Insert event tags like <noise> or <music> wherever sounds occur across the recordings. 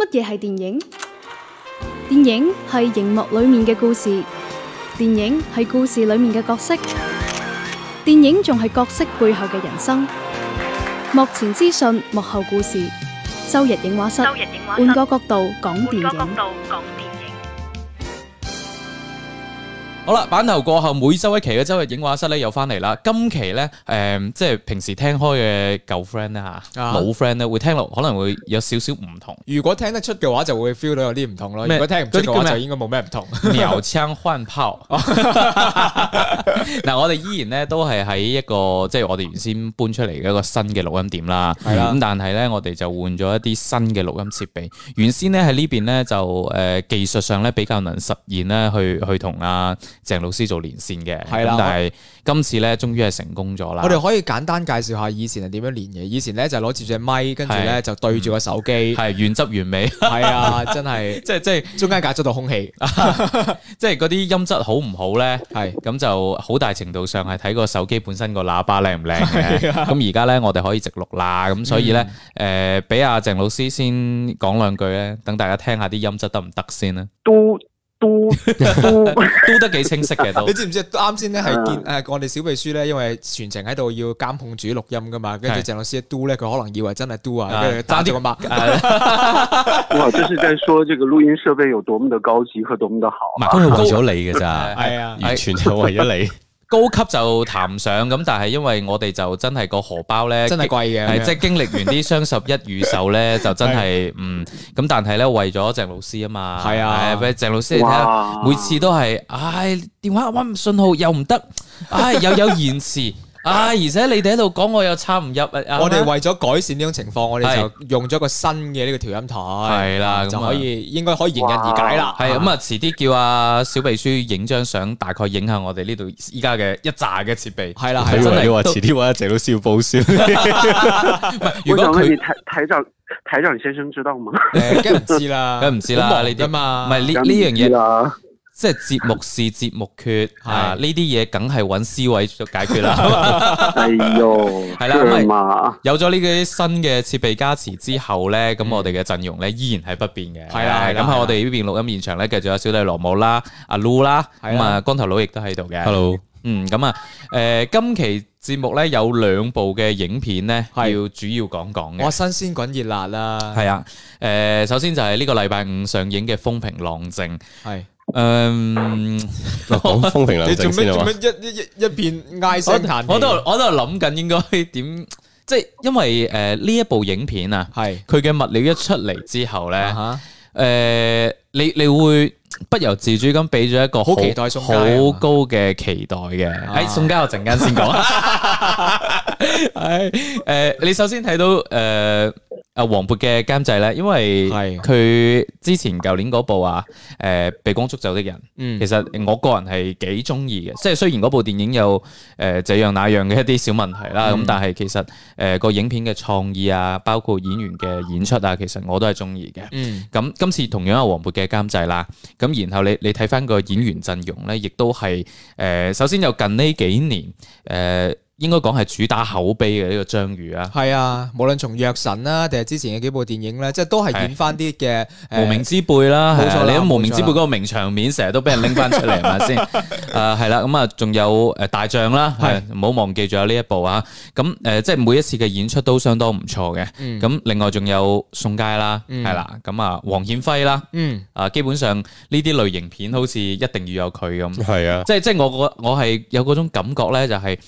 .乜嘢係電影？電影係熒幕裏面嘅故事，電影係故事裏面嘅角色，電影仲係角色背後嘅人生。幕前資訊，幕後故事。周日影畫室，換個角度講電影。好啦，版頭過後，每周一期嘅周日影畫室咧又翻嚟啦。今期咧，誒、嗯，即係平時聽開嘅舊 friend 啊，吓，老 friend 咧會聽落，可能會有少少唔同。如果聽得出嘅話，就會 feel 到有啲唔同咯。嗯、如果聽唔出嘅話，就應該冇咩唔同。鳥槍換炮。嗱、 <laughs> <laughs> <laughs> 嗯，我哋依然咧都係喺一個即係我哋原先搬出嚟嘅一個新嘅錄音店啦。咁的、嗯、但係咧，我哋就換咗一啲新嘅錄音設備。原先咧喺呢邊咧就誒、呃、技術上咧比較能實現咧去去同阿。鄭老師做連線嘅，的但係今次咧終於係成功咗啦。我哋可以簡單介紹下以前係點樣連嘅。以前咧就攞住隻咪，跟住咧的就對住個手機，係、嗯、原汁原味。係啊，真係， <laughs> 即係 <laughs> 即係中間隔咗道空氣，即係嗰啲音質好唔好咧？係咁就好大程度上係睇個手機本身個喇叭靚唔靚嘅。咁而家咧我哋可以直錄啦，咁所以咧誒，俾阿鄭老師先講兩句咧，等大家聽下啲音質得唔得先啦。都。 <music> 嘟 <music> <music> 都得幾清晰嘅都， <laughs> 你知唔知？啱先咧係見誒，我哋小秘書咧， <music> 啊、因為全程喺度要監控住錄音噶嘛，跟住鄭老師一嘟咧，佢可能以為真係嘟 <music> 啊，揸住個麥。我就 <laughs> 是在說，這個錄音設備有多麼的高級和多麼的好。 <music> 啊、完全為咗你嘅咋，係啊，完全就為咗你。 <laughs> 高級就談唔上，咁但係因為我哋就真係個荷包呢，真係貴嘅，即係、就是、經歷完啲雙十一預售呢，就真係 <laughs> 的嗯，咁但係呢，為咗鄭老師啊嘛，係啊的，俾鄭老師你睇，哇每次都係，唉，電話搵唔信號又唔得，唉，又有延遲。 <laughs> 啊！而且你哋喺度講，我又差唔入。我哋為咗改善呢種情況，我哋就用咗一個新嘅呢個調音台。係啦，就可以應該可以迎刃而解啦。係咁啊，遲啲叫阿小秘書影張相，大概影下我哋呢度依家嘅一紮嘅設備。係啦，係你話遲啲話一切都笑報銷。唔係，如果佢睇台長台長先生知道嗎？梗唔知啦，梗唔知啦，你點嘛，唔係呢呢樣嘢啦。即係節目是節目缺，係呢啲嘢梗係揾思維就解決啦。哎喲，係啦，有咗呢啲新嘅設備加持之後呢，咁我哋嘅陣容呢依然係不變嘅。係啦，咁喺我哋呢邊錄音現場呢，繼續有小弟羅姆啦，阿 Lu 啦，咁啊，光頭佬亦都喺度嘅。Hello，嗯，咁啊，誒，今期節目呢，有兩部嘅影片呢，係要主要講講嘅。哇，新鮮滾熱辣啦！係啊，誒，首先就係呢個禮拜五上映嘅《風平浪靜》，係。誒，講、嗯、風平浪靜 <laughs> 你做咩嘛？做啦，一、一、一、一片哀聲嘆氣我都，我都諗緊應該點，即、就、係、是、因為誒呢、呃、一部影片啊，係佢嘅物料一出嚟之後咧，誒、呃，你你會不由自主咁俾咗一個期好期待好，好高嘅期待嘅。誒、啊哎，宋佳我陣間先講。誒，誒，你首先睇到誒。呃啊，黃渤嘅監製咧，因為佢之前舊年嗰部啊，誒、呃《被光捉走的人》，其實我個人係幾中意嘅，即係雖然嗰部電影有誒、呃、這樣那樣嘅一啲小問題啦，咁但係其實誒個、呃、影片嘅創意啊，包括演員嘅演出啊，其實我都係中意嘅。咁、嗯啊、今次同樣係黃渤嘅監製啦，咁然後你你睇翻個演員陣容咧，亦都係誒首先有近呢幾年誒。呃應該講係主打口碑嘅呢個章魚啊，係啊，無論從《藥神》啦，定係之前嘅幾部電影咧，即係都係演翻啲嘅無名之輩啦。冇錯，你都無名之輩嗰個名場面，成日都俾人拎翻出嚟，係咪先？誒，係啦，咁啊，仲有誒大象啦，係唔好忘記有呢一部啊。咁誒，即係每一次嘅演出都相當唔錯嘅。咁另外仲有宋佳啦，係啦，咁啊王硯輝啦，嗯，啊基本上呢啲類型片好似一定要有佢咁。係啊，即係即係我我係有嗰種感覺咧，就係。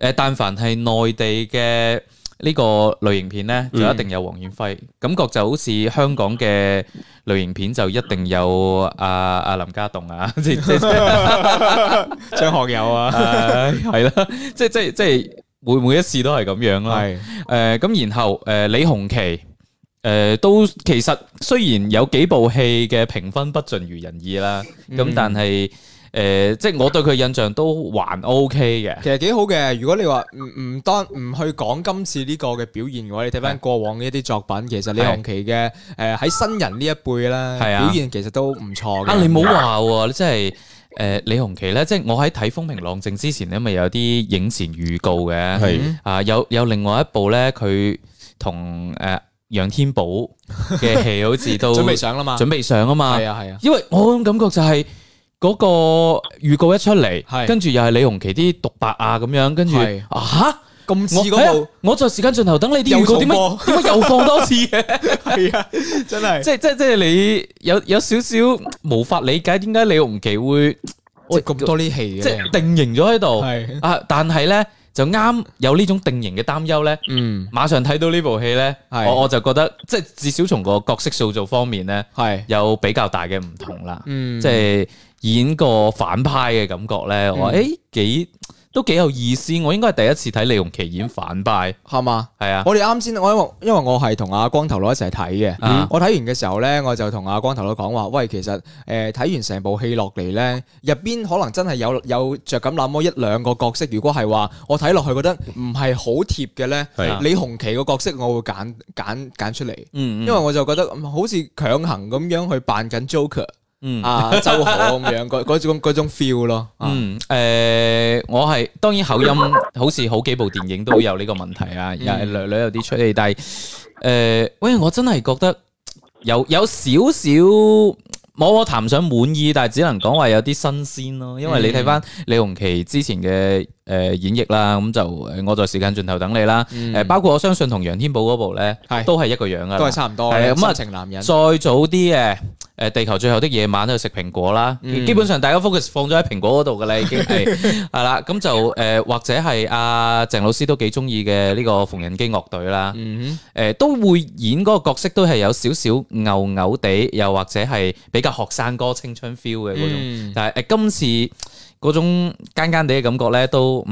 誒，但凡係內地嘅呢個類型片咧，嗯、就一定有王硯輝，嗯、感覺就好似香港嘅類型片就一定有阿、啊、阿、嗯啊、林家棟啊，即即 <laughs> 張學友啊,啊，係 <laughs> 啦，即即即會每一次都係咁樣啦。係誒是、呃，咁然後誒、呃、李鴻其誒都其實雖然有幾部戲嘅評分不盡如人意啦，咁、嗯、但係。誒、呃，即係我對佢印象都還 OK 嘅，其實幾好嘅。如果你話唔唔當唔去講今次呢個嘅表現嘅話，你睇翻過往嘅一啲作品，的其實李鴻其嘅，誒，喺新人一輩呢一輩啦，的表現其實都唔錯嘅。啊，你冇好話，即真係誒、呃、李鴻其咧，即、就、係、是、我喺睇《風平浪靜》之前咧，咪有啲影前預告嘅，係的啊有有另外一部咧，佢同誒楊天寶嘅戲，好似都 <laughs> 準備上啦嘛，準備上啊嘛，係啊係啊，因為我感覺就係、是。嗰個預告一出嚟，跟住又係李鴻其啲獨白啊，咁樣跟住啊咁似嗰部，我在時間盡頭等你啲預告，點解點解又放多次嘅。係啊，真係，即係即係即係你有有少少無法理解點解李鴻其會我咁多啲戲，即係定型咗喺度，啊，但係咧就啱有呢種定型嘅擔憂咧，嗯，馬上睇到呢部戲咧，我我就覺得即係至少從個角色塑造方面咧，係有比較大嘅唔同啦，嗯，即係。演個反派嘅感覺咧，嗯、我話誒幾都幾有意思，我應該係第一次睇李鴻其演反派，係嘛吧？係啊！我哋啱先，我因為，因為我係同阿光頭佬一齊睇嘅，嗯、我睇完嘅時候咧，我就同阿光頭佬講話，喂，其實誒睇、呃、完成部戲落嚟咧，入邊可能真係有有着咁那麼一兩個角色，如果係話我睇落去覺得唔係好貼嘅咧，啊、李鴻其個角色我會揀揀揀出嚟，嗯嗯因為我就覺得好似強行咁樣去扮緊 Joker。嗯，啊，周可咁樣嗰嗰 <laughs> 種種 feel 咯。嗯，誒、呃，我係當然口音好似好幾部電影都有呢個問題啊，略略、嗯、有啲出戲，但係誒、呃，喂，我真係覺得有有少少，我我談唔上滿意，但係只能講話有啲新鮮咯。因為你睇翻李榮琪之前嘅。誒演繹啦，咁就我在時間盡頭等你啦。誒包括我相信同楊天寶嗰部咧，都係一個樣噶，都係差唔多。咁啊，深情男人再早啲誒誒地球最後的夜晚去食蘋果啦。基本上大家 focus 放咗喺蘋果嗰度噶啦，已經係係啦。咁就誒或者係阿鄭老師都幾中意嘅呢個縫紉機樂隊啦。誒都會演嗰個角色都係有少少牛牛地，又或者係比較學生歌青春 feel 嘅嗰種。但係誒今次。嗰種奸奸地嘅感覺咧，都唔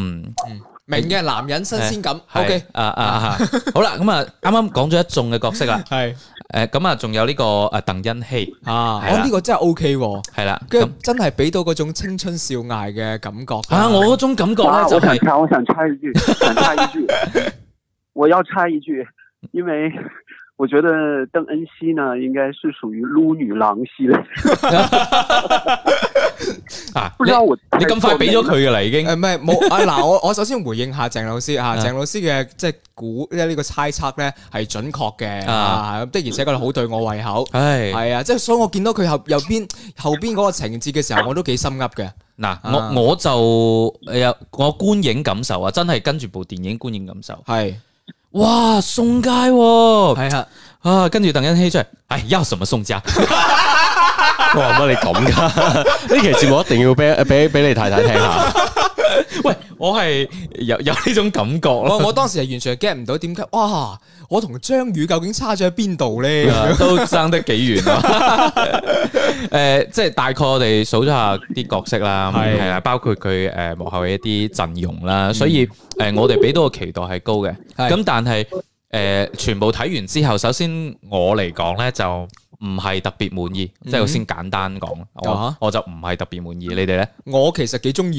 明嘅男人新鮮感。O K，啊啊，好啦，咁啊，啱啱講咗一眾嘅角色啦，係誒，咁啊，仲有呢個誒鄧恩熙啊，我呢個真係 O K，係啦，咁真係俾到嗰種青春少艾嘅感覺。吓，我嗰種感覺咧，就係我想插，我想插一句，想插一句，我要插一句，因為。我覺得鄧恩熙呢，應該是屬於擼女郎係啦。啊，你咁快俾咗佢嘅啦，已經誒，唔係冇嗱，我我首先回應下鄭老師啊，鄭、嗯、老師嘅即係估即係呢個猜測呢係準確嘅啊，的、啊、而且確好對我胃口。係係唉 啊，即係所以我見到佢後右邊後邊後邊嗰個情節嘅時候，我都幾心噏嘅。嗱、啊啊，我我就有我觀影感受啊，真係跟住部電影觀影感受係。的 <laughs> 哇，宋佳係啊，啊跟住鄧恩熙出嚟，哎要什麼宋佳，我話乜你咁噶、啊？呢 <laughs> 期節目一定要俾誒、呃、俾你太太聽下。 <laughs> <laughs> <laughs> 喂，我係有有呢種感覺咯。我我當時係完全 get 唔到點解，哇！我同張宇究竟差咗喺邊度咧？ <laughs> 都爭得幾遠啊！誒、 <laughs> 呃，即係大概我哋數咗下啲角色啦，係啦的，包括佢誒、呃、幕後嘅一啲陣容啦，嗯、所以誒、呃、我哋俾到個期待係高嘅。咁的但係誒、呃、全部睇完之後，首先我嚟講咧就。唔係特別滿意，嗯、即係我先簡單講、啊哈，我就唔係特別滿意。你哋呢？我其實幾中意，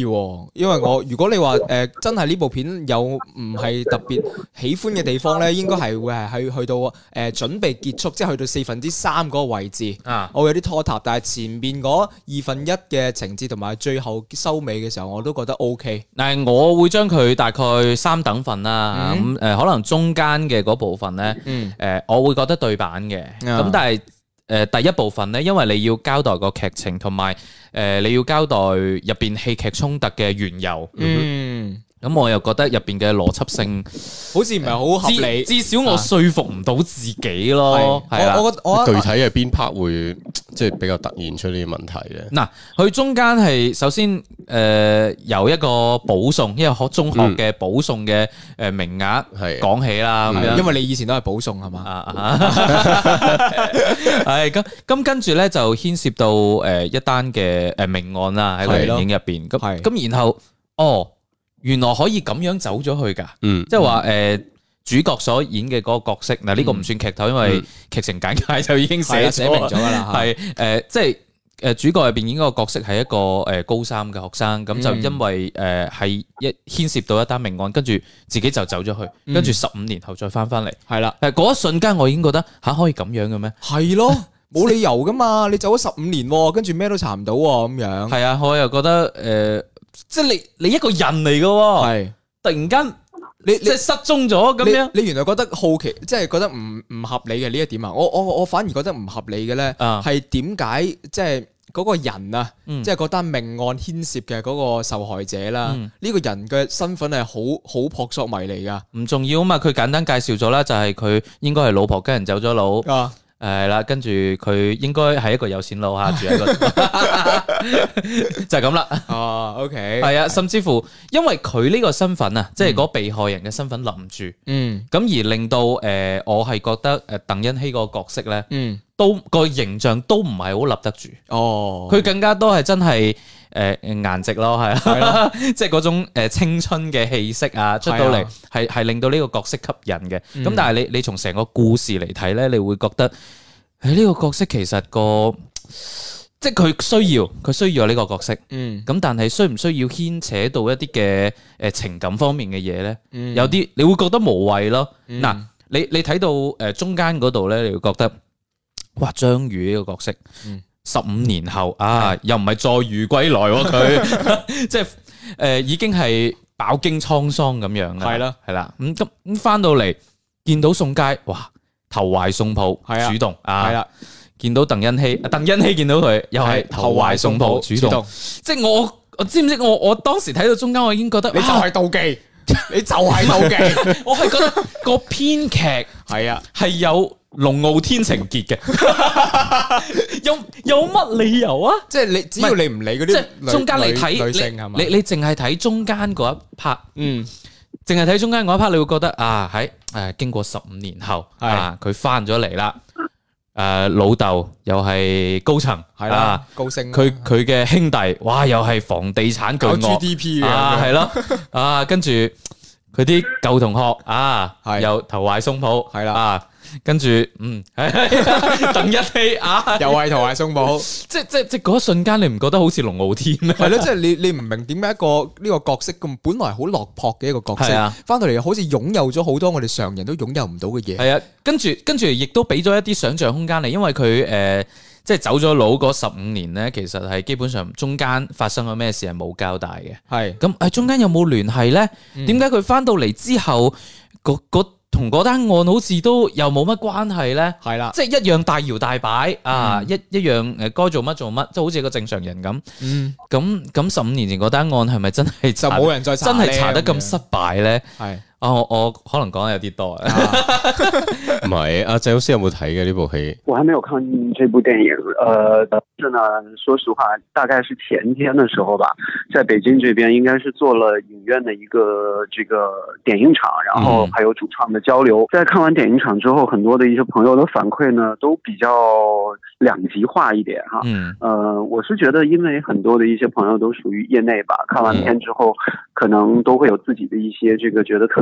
因為我如果你話誒、呃、真係呢部片有唔係特別喜歡嘅地方呢，應該係會係去去到誒、呃、準備結束，即係去到四分之三嗰個位置，啊、我有啲拖沓。但係前面嗰二分一嘅情節同埋最後收尾嘅時候，我都覺得 O、OK、K。但嗱，我會將佢大概三等份啦，咁誒、嗯嗯、可能中間嘅嗰部分呢，誒、呃嗯、我會覺得對版嘅，咁、嗯、但係。誒、呃，第一部分咧，因為你要交代個劇情，同埋誒，你要交代入邊戲劇衝突嘅緣由。嗯。咁我又覺得入邊嘅邏輯性好似唔係好合理，至少我説服唔到自己咯。係啦、啊，具體係邊 part 會即係比較突現出呢啲問題嘅？嗱、啊，佢中間係首先誒、呃、由一個保送，因為學中學嘅保送嘅誒名額係講起啦。嗯嗯、因為你以前都係保送係嘛？係咁，咁跟住咧就牽涉到誒一單嘅誒命案啦喺個電影入邊咁咁，對然後，然後哦。原來可以咁樣走咗去噶，即係話誒，主角所演嘅嗰個角色嗱，呢個唔算劇透，因為劇情簡介就已經寫寫明咗噶啦。係誒，即係誒，主角入邊演嗰個角色係一個誒高三嘅學生，咁就因為誒係一牽涉到一單命案，跟住自己就走咗去，跟住十五年後再翻翻嚟，係啦。誒，嗰一瞬間我已經覺得吓可以咁樣嘅咩？係咯，冇理由噶嘛，你走咗十五年，跟住咩都查唔到咁樣。係啊，我又覺得誒。即係你你一個人嚟㗎，係是突然間你即係失蹤咗咁樣。你原來覺得好奇，即係覺得唔唔合理嘅呢一點啊。我我我反而覺得唔合理嘅咧，係點解即係嗰個人啊，嗯、即係嗰單命案牽涉嘅嗰個受害者啦？呢、嗯、個人嘅身份係好好撲朔迷離噶。唔重要啊嘛，佢簡單介紹咗啦，就係、是、佢應該係老婆跟人走咗佬啊。係啦，跟住佢應該係一個有錢佬吓，住喺嗰度就係咁啦。哦，OK，係啊的，的甚至乎因為佢呢個身份啊，即係嗰被害人嘅身份立唔住，嗯，咁而令到誒、呃，我係覺得誒，鄧恩熙個角色咧，嗯，都個形象都唔係好立得住，哦，佢更加多係真係。誒顏值咯，係啦的， <laughs> 即係嗰種誒青春嘅氣息啊，的出到嚟係係令到呢個角色吸引嘅。咁、嗯、但係你你從成個故事嚟睇呢，你會覺得喺呢、哎這個角色其實個即係佢需要佢需要呢個角色，嗯，咁但係需唔需要牽扯到一啲嘅誒情感方面嘅嘢呢？嗯、有啲你會覺得無謂咯。嗱、嗯，你你睇到誒中間嗰度呢，你會覺得哇，張宇呢個角色。嗯十五年後啊，又唔係再遇歸來佢，即係誒，已經係飽經滄桑咁樣啦。係啦，係啦。咁咁翻到嚟見到宋佳，哇，投懷送抱，主動啊！見到鄧恩熙，鄧恩熙見到佢又係投懷送抱，主動。即係我我知唔知我我當時睇到中間，我已經覺得你就係妒忌，你就係妒忌。我係覺得個編劇係啊，係有。龍傲天情結嘅，有有乜理由啊？即係你只要你唔理嗰啲，即係中間你睇你你你淨係睇中間嗰一 part，嗯，淨係睇中間嗰一 part，你會覺得啊喺誒經過十五年後，啊佢翻咗嚟啦，誒老豆又係高層係啦，高升，佢佢嘅兄弟哇又係房地產巨鱷 GDP 啊係咯啊，跟住佢啲舊同學啊，又投懷松抱係啦啊。跟住，嗯，鄧、哎、一希啊，又係同埋宋寶，即係即係即嗰一瞬間，你唔覺得好似龍傲天咩？係咯， <laughs> 即係你你唔明點解一個呢個角色咁本來好落魄嘅一個角色，翻的到嚟好似擁有咗好多我哋常人都擁有唔到嘅嘢。係啊，跟住跟住亦都俾咗一啲想象空間嚟，因為佢誒，即、呃、係、就是、走咗佬嗰十五年咧，其實係基本上中間發生咗咩事係冇交代嘅。係咁是的，誒中間有冇聯繫咧？點解佢翻到嚟之後同嗰單案好似都又冇乜關係呢，係啦的，即係一樣大搖大擺、嗯、啊，一一樣誒，該做乜做乜，即係好似個正常人咁。嗯，咁咁十五年前嗰單案係咪真係就冇人再查，真係查得咁失敗呢？係、嗯。哦我，我可能講的有啲多啊， <laughs> 啊。唔係，阿鄭老師有冇睇嘅呢部戲？我還沒有看這部電影。呃，但是呢，說實話，大概是前天的時候吧，在北京這邊，應該是做了影院的一個這個點映場，然後還有主創的交流。嗯。在看完點映場之後，很多的一些朋友的反饋呢，都比較兩極化一點哈。嗯，呃，我是覺得，因為很多的一些朋友都屬於業內吧，看完片之後，可能都會有自己的一些這個覺得特。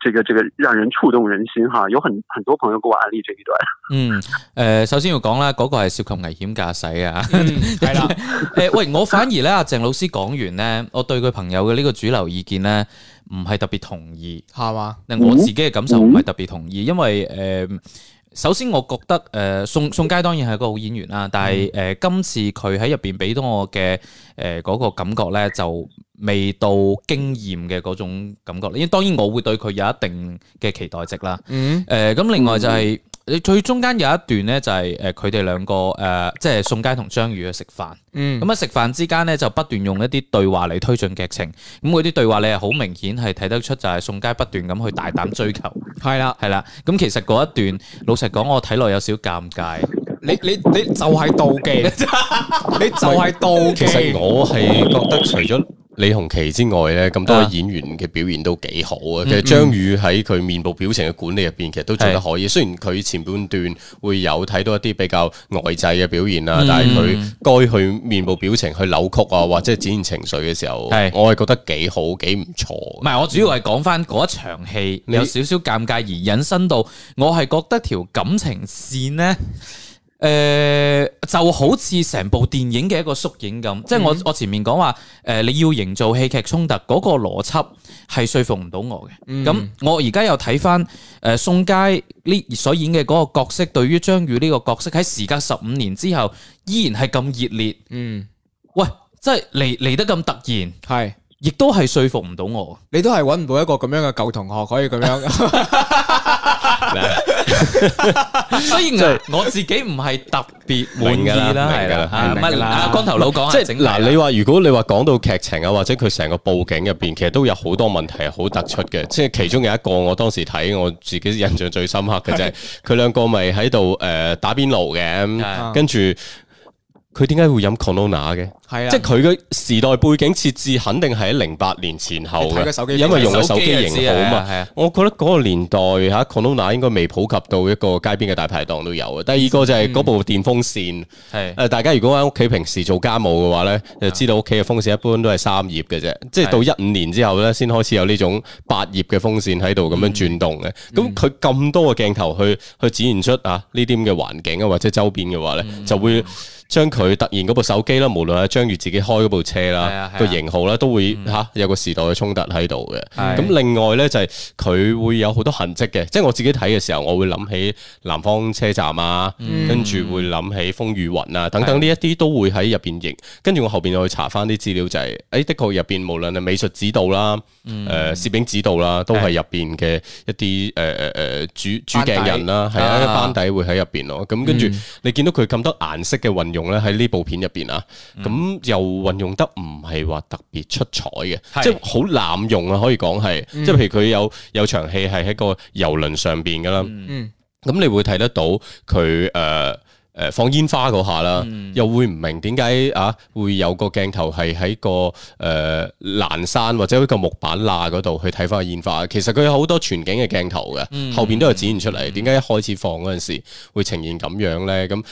這個這個讓人觸動人心哈，有很很多朋友過安利這一段。嗯，誒、呃，首先要講啦，嗰、那個係涉及危險駕駛啊，係啦。誒，喂，我反而咧，阿鄭老師講完咧，我對佢朋友嘅呢個主流意見咧，唔係特別同意，係嘛吧？令我自己嘅感受唔係特別同意，嗯、因為誒、呃，首先我覺得誒、呃，宋宋佳當然係一個好演員啦，但係誒、呃，今次佢喺入邊俾到我嘅誒嗰個感覺咧就。未到驚艷嘅嗰種感覺，因為當然我會對佢有一定嘅期待值啦。嗯。誒，咁另外就係你最中間有一段咧，就係誒佢哋兩個誒，即係宋佳同章宇去食飯。嗯。咁啊食飯之間咧，就不斷用一啲對話嚟推進劇情。咁嗰啲對話你係好明顯係睇得出，就係宋佳不斷咁去大膽追求。係啦，係啦。咁其實嗰一段老實講，我睇落有少少尷尬。你你你就係妒忌，你就係妒忌。其實我係覺得除咗。李鴻其之外咧，咁多演員嘅表現都幾好啊。其實章宇喺佢面部表情嘅管理入邊，其實都做得可以。是雖然佢前半段會有睇到一啲比較呆滯嘅表現啦，嗯、但係佢該去面部表情去扭曲啊，或者展現情緒嘅時候，是我係覺得幾好幾唔錯。唔係，我主要係講翻嗰一場戲，有少少尷尬而引申到，你 我係覺得條感情線呢。誒就好似成部電影嘅一個縮影咁，即係我我前面講話誒，你要營造戲劇衝突嗰個邏輯係說服唔到我嘅。咁我而家又睇翻誒宋佳呢所演嘅嗰個角色，對於章宇呢個角色喺時隔十五年之後依然係咁熱烈，嗯，喂，即係嚟嚟得咁突然，係亦都係說服唔到我，你都係揾唔到一個咁樣嘅舊同學可以咁樣。雖 <laughs> 然我自己唔係特別滿意啦，乜啦？阿光頭佬講，即係嗱，你話如果你話講到劇情啊，或者佢成個布景入邊，其實都有好多問題係好突出嘅。即係其中有一個，我當時睇我自己印象最深刻嘅就係佢兩個咪喺度誒打邊爐嘅，的跟住。佢點解會飲 Corona 嘅？係啊，即係佢嘅時代背景設置肯定係喺零八年前後嘅，因為用嘅手機型號啊嘛。我覺得嗰個年代嚇、啊、Corona 應該未普及到一個街邊嘅大排檔都有啊。的第二個就係嗰部電風扇係誒，嗯、大家如果喺屋企平時做家務嘅話咧，的就知道屋企嘅風扇一般都係三葉嘅啫，即係的到一五年之後咧，先開始有呢種八葉嘅風扇喺度咁樣轉動嘅。咁佢咁多個鏡頭去去展現出啊呢啲咁嘅環境啊或者周邊嘅話咧，就會。將佢突然嗰部手機啦，無論係章宇自己開嗰部車啦，個型號啦，都會嚇有個時代嘅衝突喺度嘅。咁另外咧就係佢會有好多痕跡嘅，即係我自己睇嘅時候，我會諗起南方車站啊，跟住會諗起風雨雲啊等等呢一啲都會喺入邊影。跟住我後邊又去查翻啲資料就係，哎，的確入邊無論係美術指導啦，誒攝影指導啦，都係入邊嘅一啲誒誒誒主主鏡人啦，係啊班底會喺入邊咯。咁跟住你見到佢咁多顏色嘅運。用咧喺呢部片入邊啊，咁、嗯、又運用得唔係話特別出彩嘅，是即係好濫用啊，可以講係，嗯、即係譬如佢有有場戲係喺個遊輪上邊噶啦，咁、嗯嗯、你會睇得到佢誒誒放煙花嗰下啦，嗯、又會唔明點解啊會有個鏡頭係喺個誒欄、呃、山或者一個木板罅嗰度去睇翻個煙花？其實佢有好多全景嘅鏡頭嘅，後邊都有展現出嚟，點解、嗯嗯嗯、一開始放嗰陣時會呈現咁樣咧？咁、嗯嗯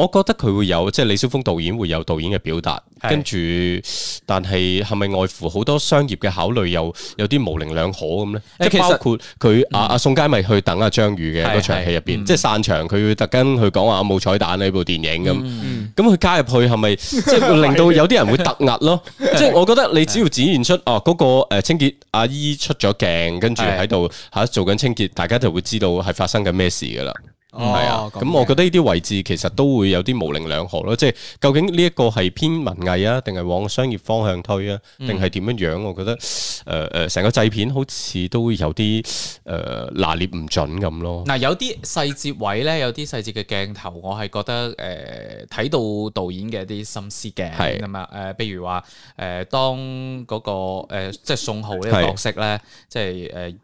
我覺得佢會有，即係李小峰導演會有導演嘅表達，是的 跟住，但係係咪外乎好多商業嘅考慮，又有啲模棱兩可咁咧？欸、即係包括佢阿阿宋佳咪去等阿章宇嘅嗰場戲入邊，即係散場佢會特登去講話冇彩蛋呢部電影咁，咁佢、嗯嗯、加入去係咪即係令到有啲人會突壓咯？即係是的 <laughs> 我覺得你只要展現出哦嗰、啊那個誒清潔阿姨出咗鏡，跟住喺度吓做緊清潔，大家就會知道係發生緊咩事噶啦。係啊，咁、那個嗯嗯、我覺得呢啲位置其實都會有啲模棱兩可咯，即、就、係、是、究竟呢一個係偏文藝啊，定係往商業方向推啊，定係點樣樣？我覺得誒誒，成、呃、個製片好似都有啲誒、呃、拿捏唔準咁咯。嗱、嗯，有啲細節位咧，有啲細節嘅鏡頭，我係覺得誒睇、呃、到導演嘅一啲心思嘅，係咁啊，誒，譬如話誒，當嗰、那個誒、呃就是、是即係宋浩呢個角色咧，即係誒。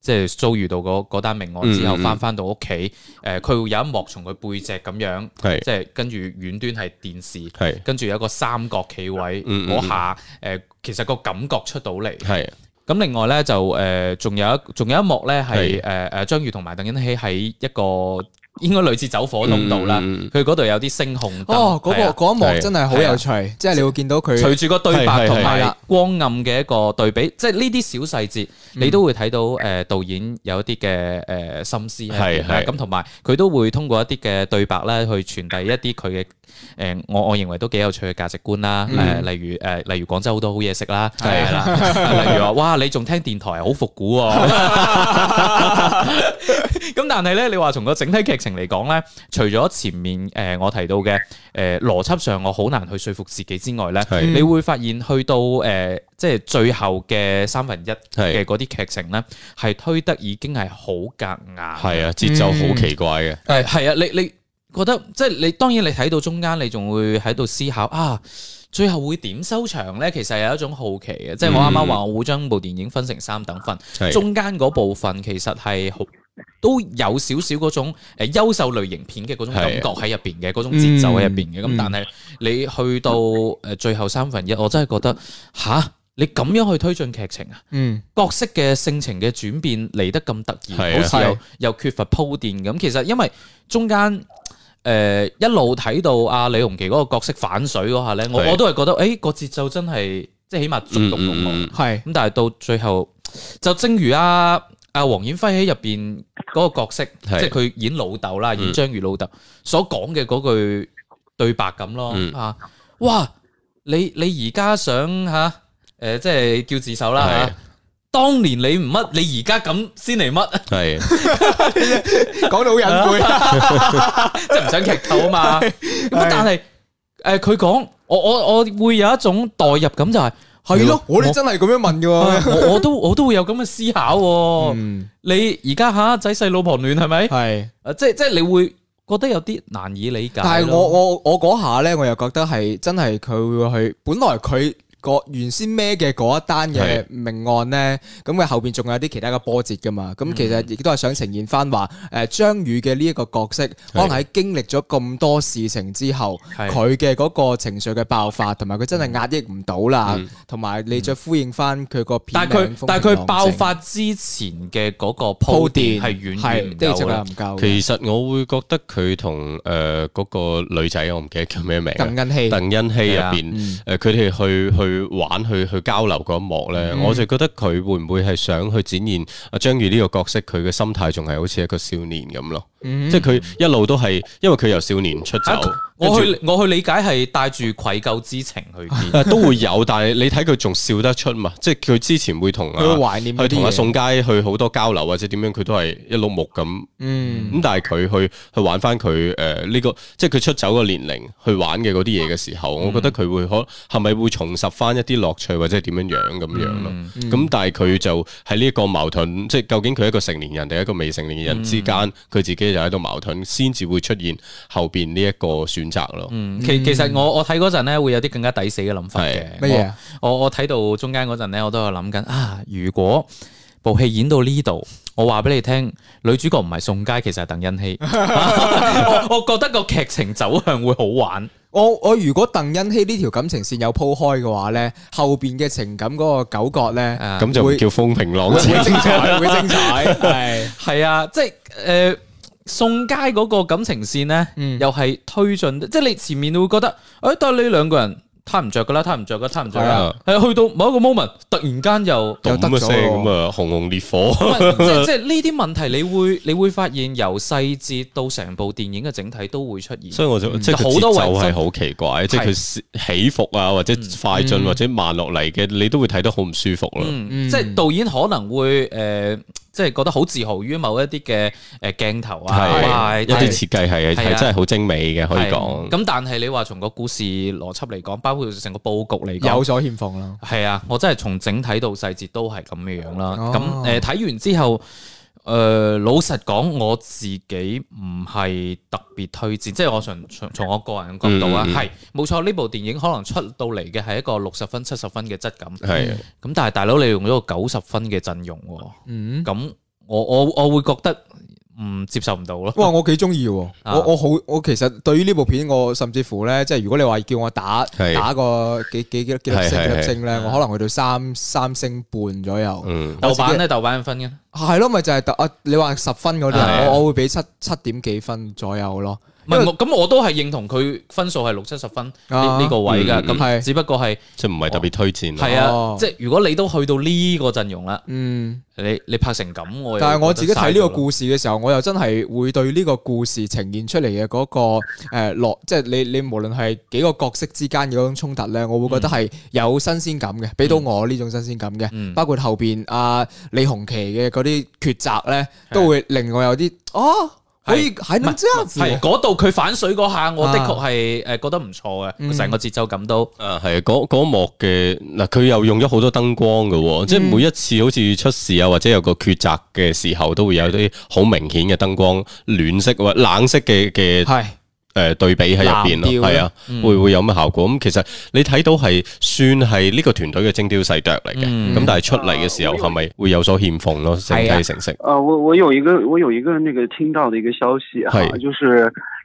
即係遭遇到嗰單命案之後，返返到屋企，誒佢會有一幕從佢背脊咁樣，是即係跟住遠端係電視，是跟住有一個三角企位嗰、嗯、下，誒、呃、其實個感覺出到嚟。係咁。是另外咧就誒仲、呃、有一仲有一幕咧係誒誒張宇同埋鄧欣希喺一個。應該類似走火通道啦，佢嗰度有啲猩紅燈哦，嗰個嗰一幕真係好有趣，即係你會見到佢隨住個對白同埋光暗嘅一個對比，即係呢啲小細節，你都會睇到誒導演有一啲嘅誒心思係咁，同埋佢都會通過一啲嘅對白啦，去傳遞一啲佢嘅誒，我我認為都幾有趣嘅價值觀啦。例如誒，例如話廣州好多好嘢食啦，係啦，例如話哇，你仲聽電台，好復古哦。咁但係咧，你話從個整體劇情，嚟講咧，除咗前面誒、呃、我提到嘅誒邏輯上，我好難去說服自己之外咧，是你會發現去到誒、呃、即係最後嘅三分一嘅嗰啲劇情咧，係是推得已經係好夾硬，硬，係啊節奏好奇怪嘅，系係、嗯、啊你你覺得即係你當然你睇到中間你仲會喺度思考啊，最後會點收場咧？其實有一種好奇嘅，嗯、即係我啱啱話我會將部電影分成三等分，的的中間嗰部分其實係好。都有少少嗰種誒優秀類型片嘅嗰種感覺喺入邊嘅嗰種節奏喺入邊嘅，咁但係你去到誒最後三分一，我真係覺得吓你咁樣去推進劇情啊，角色嘅性情嘅轉變嚟得咁突然，好似又又缺乏鋪墊咁。其實因為中間誒一路睇到阿李鴻其嗰個角色反水嗰下咧，我我都係覺得誒個節奏真係即係起碼捉到龍，係咁，但係到最後就正如阿。阿王硯輝喺入邊嗰個角色，即係佢演老豆啦，演章宇老豆所講嘅嗰句對白咁咯，啊，哇！你你而家想吓，誒，即係叫自首啦吓。當年你唔乜，你而家咁先嚟乜？係講到好隱晦，即係唔想劇透啊嘛。咁但係，誒，佢講我我我會有一種代入感，就係。係咯，我哋真係咁樣問嘅、啊的， <laughs> 我都我都會有咁嘅思考、啊。嗯、你而家吓仔細老婆亂係咪？係，誒是的、啊，即係即係你會覺得有啲難以理解、啊但。但係我我我嗰下咧，我又覺得係真係佢會去，本來佢。個原先咩嘅嗰一單嘅命案咧，咁佢後邊仲有啲其他嘅波折噶嘛？咁其實亦都係想呈現翻話，誒張宇嘅呢一個角色，可能喺經歷咗咁多事情之後，佢嘅嗰個情緒嘅爆發，同埋佢真係壓抑唔到啦。同埋你再呼應翻佢個，但係佢但係佢爆發之前嘅嗰個鋪墊係遠遠唔夠嘅。其實我會覺得佢同誒嗰個女仔，我唔記得叫咩名，鄧恩熙鄧恩熙入邊，誒佢哋去去。去玩去去交流一幕咧，嗯、我就覺得佢會唔會係想去展現阿章宇呢個角色，佢嘅心態仲係好似一個少年咁咯。即係佢一路都係，因為佢由少年出走，我去我去理解係帶住愧疚之情去見。誒，都會有，但係你睇佢仲笑得出嘛？即係佢之前會同啊，懷念去同阿宋佳去好多交流或者點樣，佢都係一碌木咁。嗯，咁但係佢去去玩翻佢誒呢個，即係佢出走個年齡去玩嘅嗰啲嘢嘅時候，我覺得佢會可係咪會重拾翻一啲樂趣或者點樣樣咁樣咯？咁但係佢就喺呢個矛盾，即係究竟佢一個成年人定一個未成年嘅人之間，佢自己。就喺度矛盾，先至會出現後邊呢一個選擇咯。嗯，其其實我我睇嗰陣咧，會有啲更加抵死嘅諗法嘅。咩啊？我我睇到中間嗰陣咧，我都有諗緊啊！如果部戲演到呢度，我話俾你聽，女主角唔係宋佳，其實係鄧恩熙。我覺得個劇情走向會好玩。我我如果鄧恩熙呢條感情線有鋪開嘅話咧，後邊嘅情感嗰個糾葛咧，咁、啊、就會叫風平浪靜，精彩，會精彩。係係啊，即係誒。呃宋佳嗰個感情線咧，又係推進，嗯、即係你前面會覺得，哎，但係你兩個人撻唔着噶啦，撻唔着噶，撻唔着啦，係是、啊、去到某一個 moment，突然間又，又得咗，咁啊，熊熊烈火， <laughs> 即係即係呢啲問題，你會你會發現由細節到成部電影嘅整體都會出現，所以我就即係節奏係好奇怪，嗯、是即係佢起伏啊，或者快進、嗯、或者慢落嚟嘅，你都會睇得好唔舒服啦，即係導演可能會誒。即係覺得好自豪於某一啲嘅誒鏡頭啊，一啲設計係係是是真係好精美嘅，可以講。咁但係你話從個故事邏輯嚟講，包括成個佈局嚟講，有所欠奉啦。係啊，我真係從整體到細節都係咁嘅樣啦。咁誒睇完之後。誒、呃、老實講，我自己唔係特別推薦，即係我從從，從我個人嘅角度啊，係冇、嗯、錯，呢部電影可能出到嚟嘅係一個六十分七十分嘅質感，係咁的，但係大佬你用咗個九十分嘅陣容喎，咁、嗯、我我我會覺得。唔接受唔到咯。哇，我幾中意喎！啊、我我好，我其實對於呢部片，我甚至乎咧，即係如果你話叫我打是打個幾幾幾幾多星幾多的星咧，我可能去到三三星半左右。嗯、豆瓣咧，豆瓣，豆瓣分嘅係咯，咪就係、是、啊！你話十分嗰啲的，我我會俾七七點幾分左右咯。因為我咁，我都係認同佢分數係六七十分呢、啊、個位噶。咁係、嗯，只不過係即係唔係特別推薦。係、哦、啊，即係如果你都去到呢個陣容啦，嗯，你你拍成咁，我但係我自己睇呢個故事嘅時候，我又真係會對呢個故事呈現出嚟嘅嗰個誒落，即、呃、係、就是、你你，你無論係幾個角色之間嗰種衝突咧，我會覺得係有新鮮感嘅，俾、嗯、到我呢種新鮮感嘅。嗯、包括後邊阿、呃、李鴻其嘅嗰啲抉擇咧，都會令我有啲哦。啊。可喺嗰度佢反水嗰下，我的確係誒覺得唔錯嘅，成、啊、個節奏感都誒係嗰嗰幕嘅嗱，佢又用咗好多燈光㗎，嗯、即係每一次好似出事啊，或者有個抉擇嘅時候，都會有啲好明顯嘅燈光暖色或冷色嘅嘅。誒、呃、對比喺入邊咯，係啊，會唔會有咩效果？咁、嗯、其實你睇到係算係呢個團隊嘅精雕細琢嚟嘅，咁、嗯、但係出嚟嘅時候係咪會有所欠奉咯？啊、整體成批成成啊！我我有一個我有一個那個聽到嘅一個消息啊，係是。就是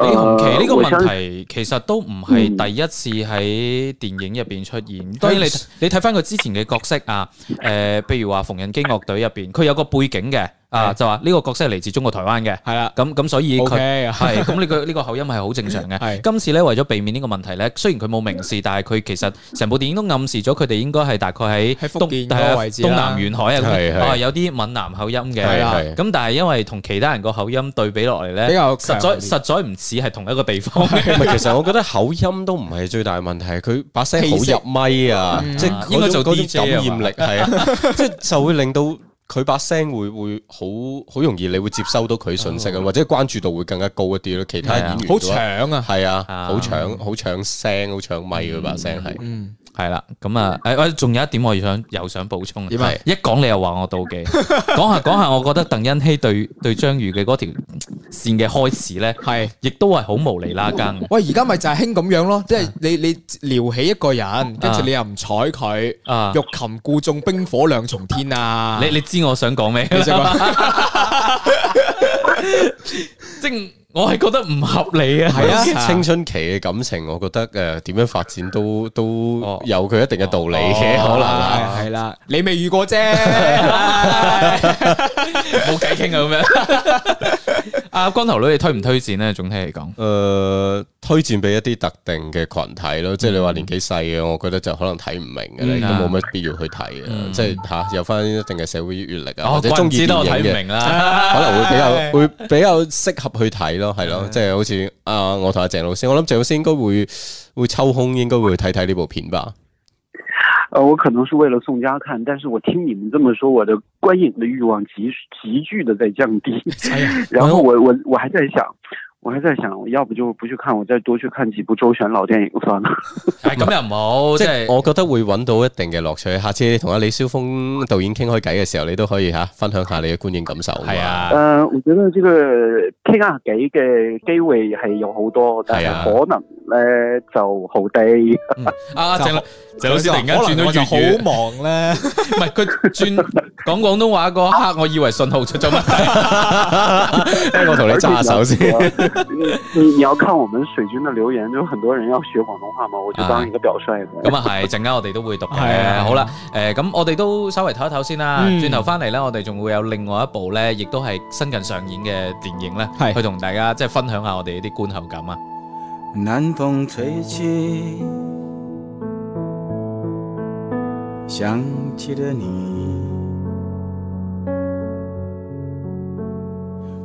李鴻其呢個問題其實都唔係第一次喺電影入面出現。嗯、當然你看你睇翻佢之前嘅角色啊、呃，比如話縫紉機樂隊入面，佢有個背景嘅。啊，就話呢個角色係嚟自中國台灣嘅，係啦，咁咁所以佢係咁呢個呢個口音係好正常嘅。今次咧，為咗避免呢個問題咧，雖然佢冇明示，但係佢其實成部電影都暗示咗佢哋應該係大概喺福建嗰個位置啦，東南沿海啊，哦有啲閩南口音嘅，咁但係因為同其他人個口音對比落嚟咧，比較實在實在唔似係同一個地方。其實我覺得口音都唔係最大問題，佢把聲好入咪啊，即係嗰種感染力係啊，即係就會令到。佢把聲會會好好容易，你會接收到佢信息啊，或者關注度會更加高一啲咯。其他演員好搶啊，係啊，好搶好搶聲，好搶咪佢把聲係。嗯，係啦。咁啊，誒，仲有一點我要想又想補充，因為一講你又話我妒忌。講下講下，我覺得鄧恩熙對對張宇嘅嗰條線嘅開始咧，係亦都係好無厘拉更。喂，而家咪就係興咁樣咯，即係你你撩起一個人，跟住你又唔睬佢，欲擒故縱，冰火兩重天啊！你你知？知我想講咩？即係想、 <laughs> <laughs> 就是、我係覺得唔合理啊！係啊， <laughs> 青春期嘅感情，我覺得誒，點樣發展都都有佢一定嘅道理嘅，哦、可能係啦，你未遇過啫，冇偈傾啊咁樣。 <laughs> 阿、啊、光頭女，你推唔推薦咧？總體嚟講，誒、呃，推薦俾一啲特定嘅群體咯，嗯、即係你話年紀細嘅，我覺得就可能睇唔明嘅，你、嗯啊、都冇乜必要去睇嘅，嗯、即係吓、啊、有翻一定嘅社會閱歷啊，哦、或者中意電影嘅，哎、可能會比較、哎、呀會比較適合去睇咯，係咯、哎呀，了即係好似阿、啊、我同阿鄭老師，我諗鄭老師應該會會抽空應該會睇睇呢部片吧。呃，我可能是為了宋佳看，但是我聽你們這麼說，我的觀影的欲望急急，急劇的在降低， <laughs> 然後我我我還在想。我還在想，要不就不去看，我再多去看幾部周旋老電影算了。咁又唔好，即係我覺得會揾到一定嘅樂趣。下次你同阿李霄峰導演傾開偈嘅時候，你都可以吓分享下你嘅觀影感受。係啊，誒，我覺得呢個傾下偈嘅機會係有好多，但係可能咧就好低。阿鄭，鄭老師突然間轉到粵語，好忙咧，唔係佢轉講廣東話嗰刻，我以為信號出咗問題，我同你揸下手先。你你要看我們水軍的留言，就很多人要學廣東話嘛，我就當一個表率。咁啊係，陣間 <laughs> 我哋都會讀。係的好啦，誒、呃，咁我哋都稍微唞一唞先啦，轉頭翻嚟呢，我哋仲會有另外一部呢，亦都係新近上演嘅電影呢。係的去同大家即係分享下我哋呢啲觀後感啊。南風吹起，想起了你，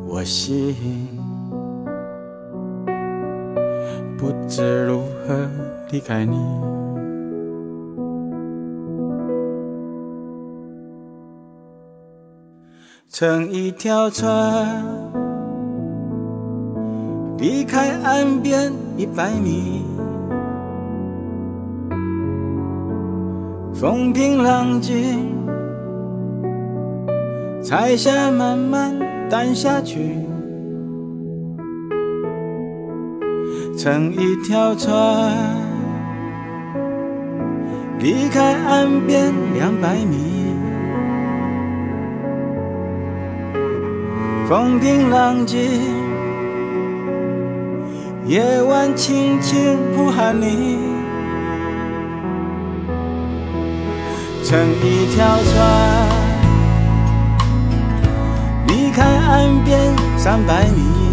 我心。不知如何離開你，乘一條船，離開岸邊一百米，風平浪靜，彩霞慢慢淡下去。乘一條船，離開岸邊兩百米，風平浪靜，夜晚輕輕呼喊你。乘一條船，離開岸邊三百米。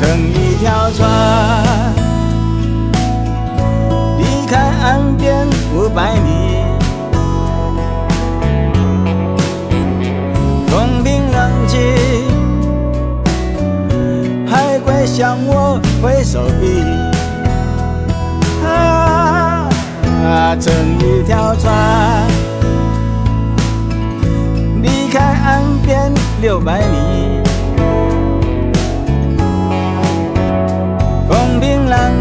乘一條船，離開岸邊五百米，風平浪靜，海龜向我揮手臂。啊，啊，乘一條船，離開岸邊六百米。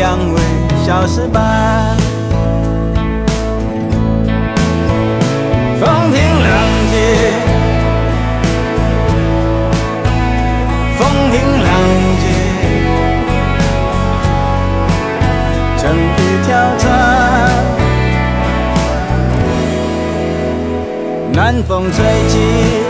揚威，消失吧。風平浪靜，風平浪靜，成一條船。南風吹起。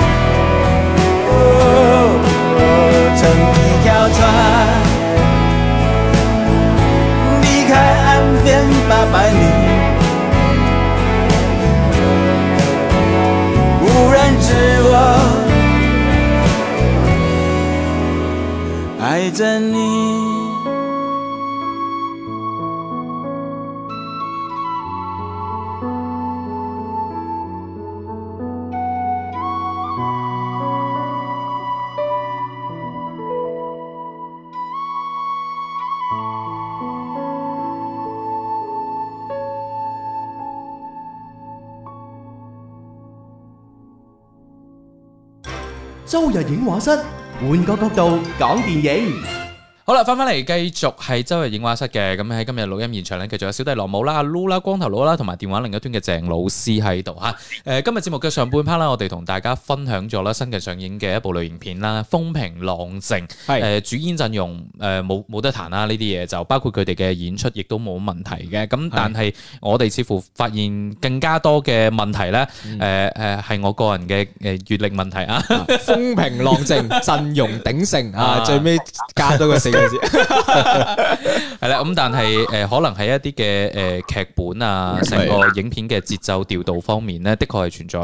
周日影畫室，換個角度講電影。好啦，翻翻嚟，繼續係周日影畫室嘅。咁喺今日錄音現場咧，繼續有小弟羅武啦、阿擼啦、光頭佬啦，同埋電話另一端嘅鄭老師喺度吓。誒、呃，今日節目嘅上半 part 啦，我哋同大家分享咗啦新嘅上映嘅一部類型片啦，《風平浪靜》誒是、呃，主演陣容誒，冇、呃、冇得彈啦呢啲嘢就包括佢哋嘅演出，亦都冇乜問題嘅。咁但係我哋似乎發現更加多嘅問題咧。誒、呃、誒，係是、嗯、我個人嘅誒閱歷問題啊。嗯、 <laughs> 風平浪靜，陣容鼎盛啊，啊最尾加多個四。 <laughs> 係啦，咁 <laughs> 但係誒、呃，可能係一啲嘅誒劇本啊，成個影片嘅節奏調度方面咧，的確係存在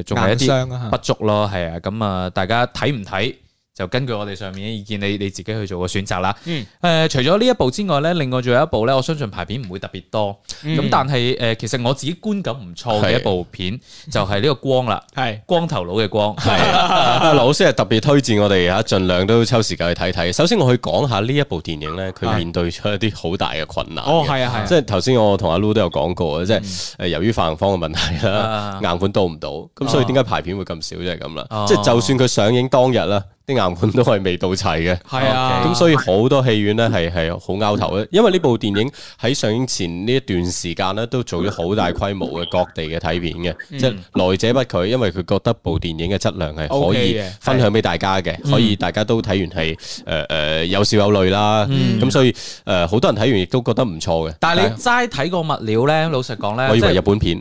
誒，仲、呃、係一啲不足咯，係啊，咁啊，大家睇唔睇？就根據我哋上面嘅意見，你你自己去做個選擇啦。嗯。誒，除咗呢一部之外咧，另外仲有一部咧，我相信排片唔會特別多。咁但係誒，其實我自己觀感唔錯嘅一部片，就係呢個光啦。係光頭佬嘅光。係。老師係特別推薦我哋吓，儘量都抽時間去睇睇。首先，我去講下呢一部電影咧，佢面對咗一啲好大嘅困難。哦，係啊，係。即係頭先我同阿 Loo 都有講過啊，即係誒由於發行方嘅問題啦，硬盤到唔到，咁所以點解排片會咁少，即係咁啦。即係就算佢上映當日啦。啲硬盤都係未到齊嘅，係啊，咁所以好多戲院咧係係好拗頭嘅，因為呢部電影喺上映前呢一段時間咧都做咗好大規模嘅各地嘅睇片嘅，即係、嗯、來者不拒，因為佢覺得部電影嘅質量係可以分享俾大家嘅，嗯、可以大家都睇完係誒誒有笑有淚啦，咁、嗯、所以誒好、呃、多人睇完亦都覺得唔錯嘅。嗯、但係你齋睇個物料咧，老實講咧，我以為日本片，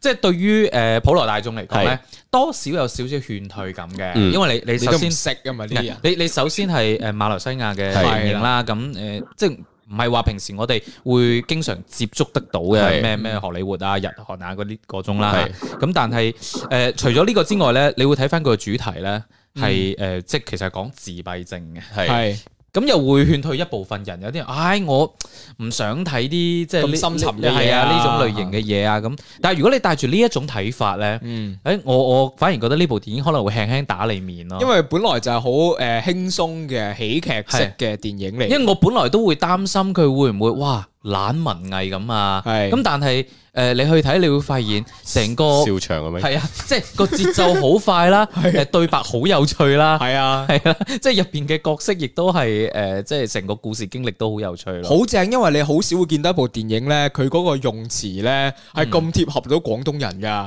即係、就是、 <laughs> 對於誒普羅大眾嚟講咧。的多少有少少勸退咁嘅，嗯、因為你你首先你嘛你，你首先係誒馬來西亞嘅環境啦，咁誒的、呃、即係唔係話平時我哋會經常接觸得到嘅咩咩荷里活啊、日韓啊嗰啲個種啦嚇，咁的但係誒、呃、除咗呢個之外咧，你會睇返佢嘅主題咧係誒即係其實講自閉症嘅係。的咁又會勸退一部分人，有啲人，唉，我唔想睇啲即係深沉嘅，係啊呢種類型嘅嘢啊咁。但係如果你帶住呢一種睇法咧，嗯、啊，誒，我我反而覺得呢部電影可能會輕輕打你面咯。因為本來就係好誒輕鬆嘅喜劇式嘅電影嚟。因為我本來都會擔心佢會唔會哇懶文藝咁啊，係咁，但係。誒，你去睇，你會發現成個笑場咁樣，係啊，即係個節奏好快啦，誒、 <laughs> 啊，對白好有趣啦，係啊，係啊， <laughs> 即係入邊嘅角色亦都係誒，即係成個故事經歷都好有趣咯。好正，因為你好少會見到一部電影咧，佢嗰個用詞咧係咁貼合到廣東人噶。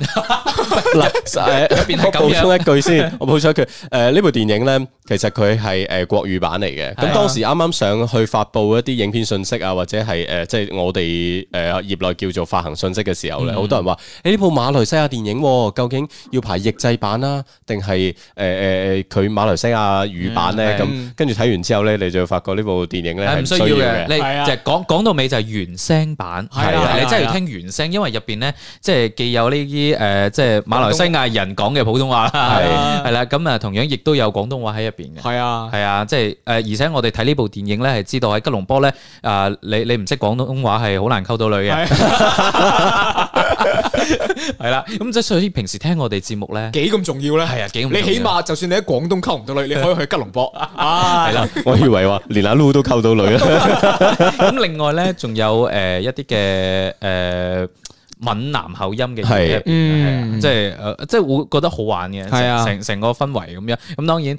嗱， <laughs> <laughs> 我補充一句先，我補充一句，誒， <laughs> 呢部電影咧，呃、 <laughs> 其實佢係誒國語版嚟嘅。咁當時啱啱上去發布一啲影片信息啊，或者係誒，即係我哋誒業內叫做發行信嘅時候咧，好多人話：誒呢部馬來西亞電影究竟要排譯製版啦，定係誒誒誒佢馬來西亞語版咧？咁跟住睇完之後咧，你就發覺呢部電影咧係唔需要嘅。你就係講講到尾就係原聲版，係啊！你真係要聽原聲，因為入邊咧即係既有呢啲誒，即係馬來西亞人講嘅普通話啦，係係啦。咁啊，同樣亦都有廣東話喺入邊嘅。係啊，係啊，即係誒，而且我哋睇呢部電影咧，係知道喺吉隆坡咧，誒，你你唔識廣東話係好難溝到女嘅。係啦，咁即係所以平時聽我哋節目咧，幾咁重要咧？係啊，幾咁你起碼就算你喺廣東溝唔到女，你可以去吉隆坡啊。係啦，我以為話連阿 Loo 都溝到女啊。咁另外咧，仲有誒一啲嘅誒閩南口音嘅，係嗯，即係誒，即係會覺得好玩嘅。係啊，成成個氛圍咁樣。咁當然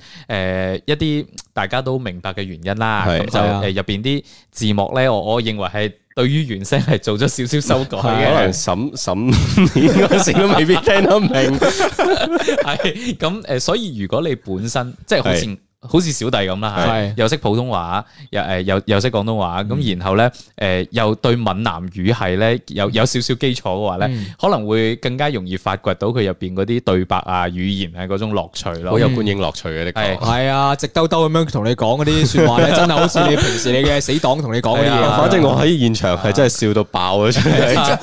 誒一啲。大家都明白嘅原因啦，咁的就誒入邊啲字幕咧，我我認為係對於原聲係做咗少少修改嘅，可能審審啲嗰時 <laughs> 都未必聽得明，係，咁誒，所以如果你本身即係、就是、好似。好似小弟咁啦嚇，又識普通話，又誒又又識廣東話，咁然後咧誒又對閩南語係咧有有少少基礎嘅話咧，可能會更加容易發掘到佢入邊嗰啲對白啊語言啊嗰種樂趣咯，好有觀影樂趣嘅。係係啊，直兜兜咁樣同你講嗰啲説話咧，真係好似你平時你嘅死黨同你講嗰啲嘢。反正我喺現場係真係笑到爆啊！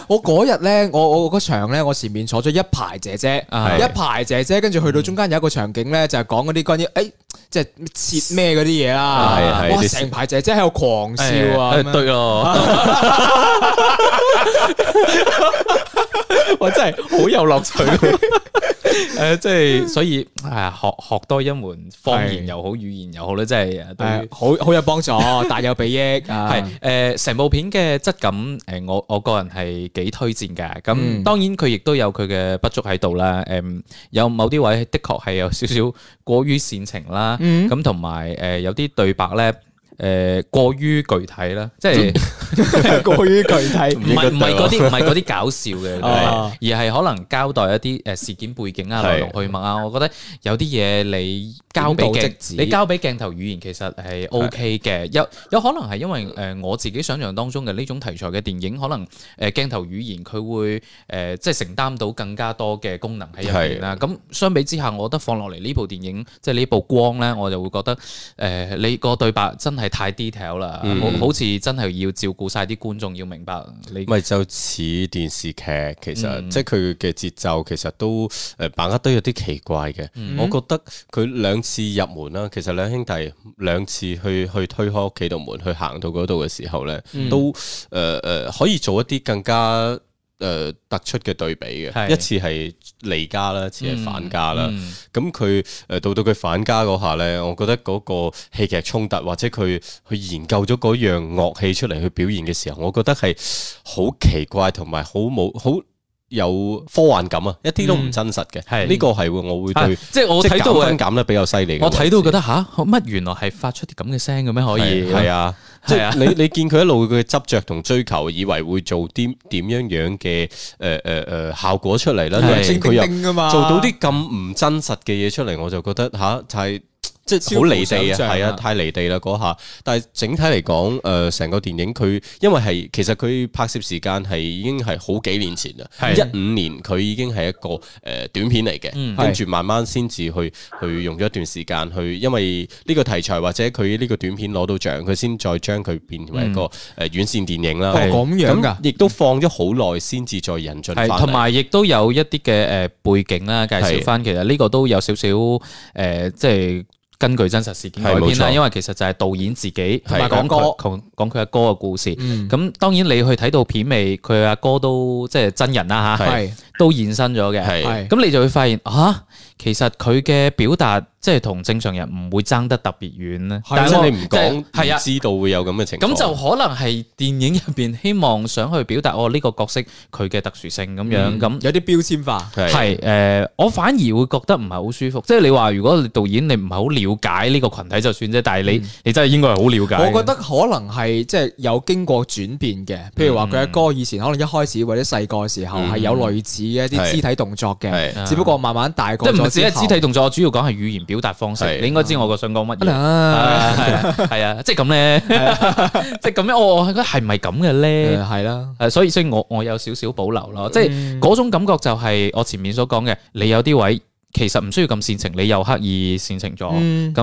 我嗰日咧，我我嗰場咧，我前面坐咗一排姐姐，一排姐姐，跟住去到中間有一個場景咧，就係講嗰啲關於誒即係。切咩嗰啲嘢啦，啊、哇成是排仔真係喺度狂笑啊！對咯。我真係好有樂趣、 <laughs> <laughs> 呃，誒，即係所以係、啊、學學多一門方言又好，語言又好咧，真係係、啊、好，好有幫助， <laughs> 大有裨益。係誒、啊，成、呃、部片嘅質感，誒、呃，我我個人係幾推薦嘅。咁當然佢亦都有佢嘅不足喺度啦。誒、呃，有某啲位的確係有少少過於煽情啦。咁同埋誒，有啲對白咧。誒、呃，過於具體啦，即係過於具體，唔係唔係嗰啲，唔係嗰啲搞笑嘅，啊、而係可能交代一啲誒事件背景啊來龍去脈啊。我覺得有啲嘢你交俾鏡，你交俾鏡頭語言其實係 O K 嘅，的有有可能係因為誒我自己想象當中嘅呢種題材嘅電影，可能誒鏡頭語言佢會誒即係承擔到更加多嘅功能喺入邊啦。咁的相比之下，我覺得放落嚟呢部電影即係呢部光咧，我就會覺得誒、呃、你個對白真係。係太 detail 啦，嗯、好好似真係要照顧晒啲觀眾要明白。唔係就似電視劇，其實、嗯、即係佢嘅節奏其實都誒把握都有啲奇怪嘅。嗯、哼我覺得佢兩次入門啦，其實兩兄弟兩次去去推開屋企度門去行到嗰度嘅時候咧，嗯、都誒誒、呃呃、可以做一啲更加。誒，突出嘅對比嘅是，一次係離家啦，一次係返家啦。咁佢誒，到到佢返家嗰下咧，我覺得嗰個戲劇衝突或者佢去研究咗嗰樣樂器出嚟，去表現嘅時候，我覺得係好奇怪同埋好冇好有科幻感啊！一啲都唔真實嘅。係呢、嗯、個係會我會對，即係、啊就是、我睇到減得比較犀利。我睇到覺得吓，乜、啊、原來係發出啲咁嘅聲嘅咩？可以係啊。即係 <laughs> 你，你見佢一路嘅執着同追求，以為會做啲點樣樣嘅誒誒誒效果出嚟啦。因為佢又的做到啲咁唔真實嘅嘢出嚟，我就覺得嚇就係、是。即係好離地啊，係啊，太離地啦嗰下。但係整體嚟講，誒、呃，成個電影佢因為係其實佢拍攝時間係已經係好幾年前啦，一五是年佢已經係一個誒、呃、短片嚟嘅，跟住、嗯、慢慢先至去去用咗一段時間去，因為呢個題材或者佢呢個短片攞到獎，佢先再將佢變為一個誒院線電影啦。咁、呃呃、樣噶，亦都放咗好耐先至再引進。係，同埋亦都有一啲嘅誒背景啦，介紹翻。其實呢個都有少少誒，即係。呃即根據真實事件改編啦，因為其實就係導演自己同埋講佢講佢阿哥嘅故事。咁、嗯、當然你去睇到片尾，佢阿哥都即係真人啦嚇，都現身咗嘅。咁你就會發現嚇、啊，其實佢嘅表達。即係同正常人唔會爭得特別遠咧，但係你唔講，係啊，知道會有咁嘅情況，咁就可能係電影入邊希望想去表達我呢個角色佢嘅特殊性咁樣，咁有啲標籤化係，誒，我反而會覺得唔係好舒服。即係你話如果導演你唔係好了解呢個群體就算啫，但係你你真係應該係好了解。我覺得可能係即係有經過轉變嘅，譬如話佢阿哥以前可能一開始或者細個嘅時候係有類似嘅一啲肢體動作嘅，只不過慢慢大個，即係唔係只係肢體動作，主要講係語言表。表達方式，的你應該知我個想講乜嘢，係係啊，即係咁咧，即係咁樣，我我係咪咁嘅咧？係啦，所以所以，我我有少少保留咯，嗯、即係嗰種感覺就係我前面所講嘅，你有啲位。其實唔需要咁煽情，你又刻意煽情咗。咁、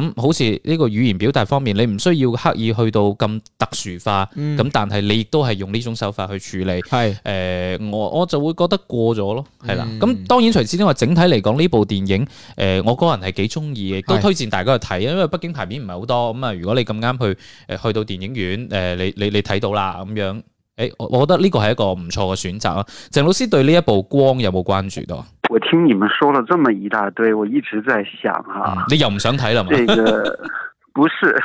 嗯、好似呢個語言表達方面，你唔需要刻意去到咁特殊化。咁、嗯、但係你亦都係用呢種手法去處理。係是，誒、呃、我我就會覺得過咗咯，係、嗯、啦。咁當然除此之外整體嚟講呢部電影，誒、呃、我個人係幾中意嘅，都推薦大家去睇，因為北京排片唔係好多，咁、嗯、啊如果你咁啱去誒去到電影院，誒、呃、你你你睇到啦咁樣，誒、欸、我，我覺得呢個係一個唔錯嘅選擇啊。鄭老師對呢一部光有冇關注到？我聽你們說了這麼一大堆，我一直在想啊。嗯、你又不想睇了嗎？ <laughs> 這個不是，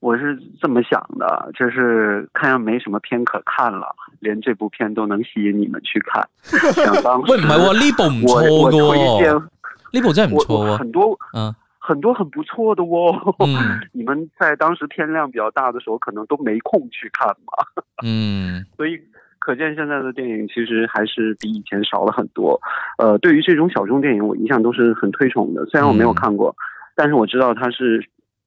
我是這麼想的，就是看樣沒什麼片可看了，連這部片都能吸引你們去看。想當，喂，唔係哇，呢部唔錯、哦、唔錯噶，呢部真係唔錯哦，很多、啊、很多很不錯的哦。嗯、你們在當時片量比較大的時候，可能都沒空去看嘛。嗯， <laughs> 所以。可見現在的電影其實還是比以前少了很多，呃，對於這種小眾電影，我一向都是很推崇的，雖然我沒有看過，但是我知道它是。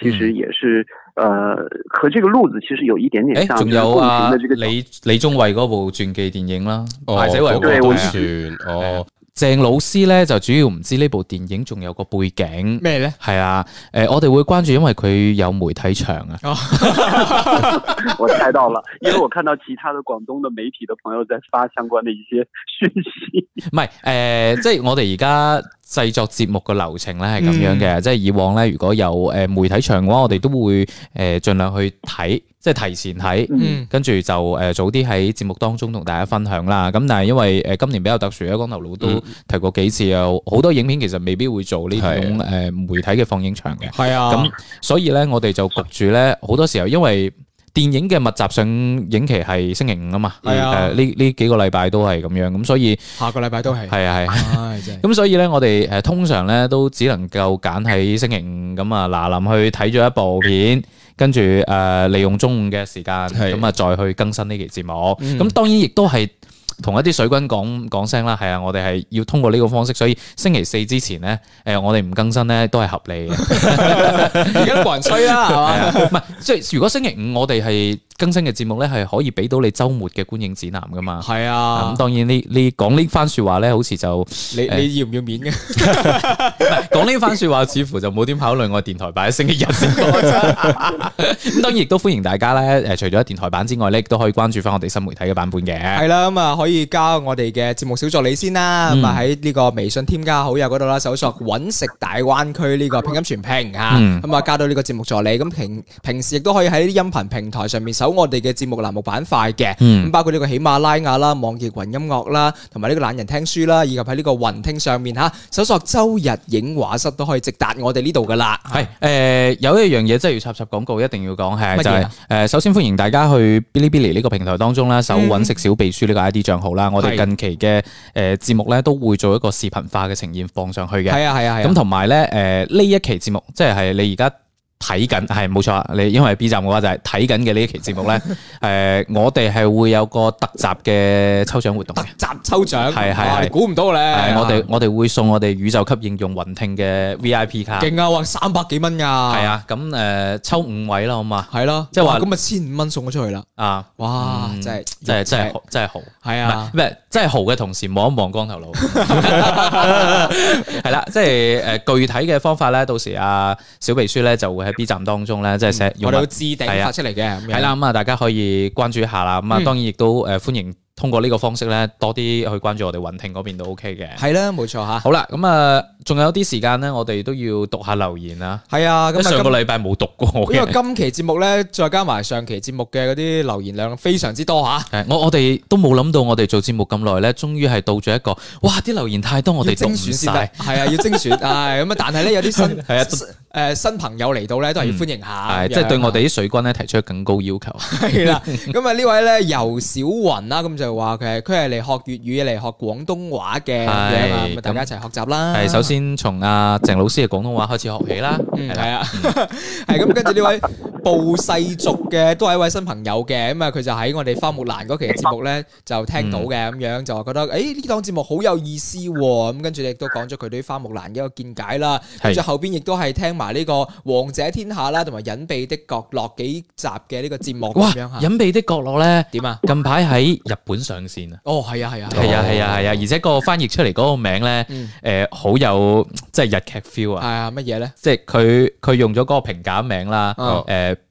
其實也是，呃，和這個路子其實有一點點。誒，仲有啊，李李宗偉嗰部傳記電影啦，或、oh, 者為國捐。哦，鄭、oh. 老師呢就主要唔知呢部電影仲有個背景咩咧？係啊，誒、呃，我哋會關注，因為佢有媒體場啊。 <laughs> <laughs> 我猜到了，因為我看到其他的廣東的媒體的朋友在發相關的一些訊息。唔 <laughs> 係、啊，誒、呃，即係我哋而家。製作節目嘅流程咧係咁樣嘅，嗯、即係以往咧如果有誒、呃、媒體場嘅話，我哋都會誒、呃、盡量去睇，即係提前睇，嗯、跟住就誒、呃、早啲喺節目當中同大家分享啦。咁但係因為誒、呃、今年比較特殊咧，光頭佬都提過幾次啊，好、嗯、多影片其實未必會做呢種誒是、呃、媒體嘅放映場嘅，係啊。咁所以咧，我哋就焗住咧，好多時候因為，電影嘅密集上映期係星期五啊嘛，誒呢呢幾個禮拜都係咁樣，咁所以下個禮拜都係係啊係，咁、哎、 <laughs> 所以咧我哋誒、啊、通常咧都只能夠揀喺星期五咁啊嗱臨去睇咗一部片，跟住誒、啊、利用中午嘅時間咁啊再去更新呢期節目，咁、嗯、當然亦都係。同一啲水軍講講聲啦，係啊，我哋係要通過呢個方式，所以星期四之前咧，誒我哋唔更新咧都係合理嘅，而家冇人催啦，係嘛？唔係 <laughs> ，即係如果星期五我哋係。更新嘅節目咧，係可以俾到你週末嘅觀影指南噶嘛？係啊，咁、嗯、當然你你講呢番説話咧，好似就你你要唔要面嘅、啊？講 <laughs> 呢 <laughs> 番説話似乎就冇點考慮我電台版星期日咁， <laughs> <laughs> 當然亦都歡迎大家咧，誒，除咗電台版之外咧，亦都可以關注翻我哋新媒體嘅版本嘅。係啦、啊，咁啊可以加我哋嘅節目小助理先啦，咁啊喺呢個微信添加好友嗰度啦，搜索揾食大灣區呢個拼音全拼。啊、嗯，咁啊加到呢個節目助理。咁平平時亦都可以喺啲音頻平台上面搜。我哋嘅節目欄目板塊嘅，咁 <music> 包括呢個喜馬拉雅啦、網易雲音樂啦、同埋呢個懶人聽書啦，以及喺呢個雲聽上面吓，搜索周日影畫室都可以直達我哋呢度噶啦。係誒、呃，有一樣嘢真係要插插廣告，一定要講係就係、是、誒麼、呃，首先歡迎大家去 Bilibili 呢個平台當中啦，搜揾食小秘書呢個 I D 賬號啦。嗯、我哋近期嘅誒節目咧都會做一個視頻化嘅呈現放上去嘅。係啊係啊，咁同埋咧誒呢、呃、一期節目即係你而家。睇緊係冇錯你，因為 B 站，嘅話就係睇緊嘅呢一期節目咧，誒， <laughs> uh, 我哋係會有個特集嘅抽獎活動，特集抽獎係係，估唔到咧，我哋我哋會送我哋宇宙級應用雲聽嘅 V I P 卡，勁啊，哇，三百幾蚊噶，係啊，咁誒、啊嗯，抽五位啦，好嘛，係咯的，即係話咁啊，千五蚊送咗出去啦，啊、嗯，哇，哇真係、就是、真係真係真係豪，係啊，咩？真係豪嘅同時望一望光頭佬，係啦， <laughs> <laughs> <laughs> <laughs> 即係誒具體嘅方法咧，到時阿小秘書咧就會。喺 B 站當中咧，即係寫我哋有置頂發出嚟嘅，係啦咁啊,大家可以關注一下啦。咁啊，當然亦都誒，歡迎通過呢個方式咧，多啲去關注我哋雲聽嗰邊都 OK 嘅。係啦，冇錯吓。好啦，咁啊，仲有啲時間咧，我哋都要讀下留言啦。係啊，咁上個禮拜冇讀過，因為今期節目咧，再加埋上期節目嘅嗰啲留言量非常之多吓。我我哋都冇諗到，我哋做節目咁耐咧，終於係到咗一個哇，啲留言太多，我哋讀唔晒。係啊，要精選啊，咁啊，但係咧有啲新係啊。誒新朋友嚟到咧，都係要歡迎下，即係對我哋啲水軍咧提出更高要求。係啦，咁啊呢位咧由小雲啦，咁就話誒，佢係嚟學粵語、嚟學廣東話嘅，咁啊大家一齊學習啦。係首先從阿鄭老師嘅廣東話開始學起啦。係啊，係咁，跟住呢位。布世族嘅都係一位新朋友嘅，咁啊佢就喺我哋花木蘭嗰期嘅節目咧就聽到嘅咁樣，就覺得誒呢檔節目好有意思喎，咁跟住亦都講咗佢對花木蘭嘅一個見解啦。跟住後邊亦都係聽埋呢個王者天下啦，同埋隱秘的角落幾集嘅呢個節目。哇！隱秘的角落咧點啊？近排喺日本上線啊？哦，係啊，係啊，係啊，係啊，係啊，而且個翻譯出嚟嗰個名咧誒好有即係日劇 feel 啊！係啊，乜嘢咧？即係佢佢用咗嗰個評價名啦誒。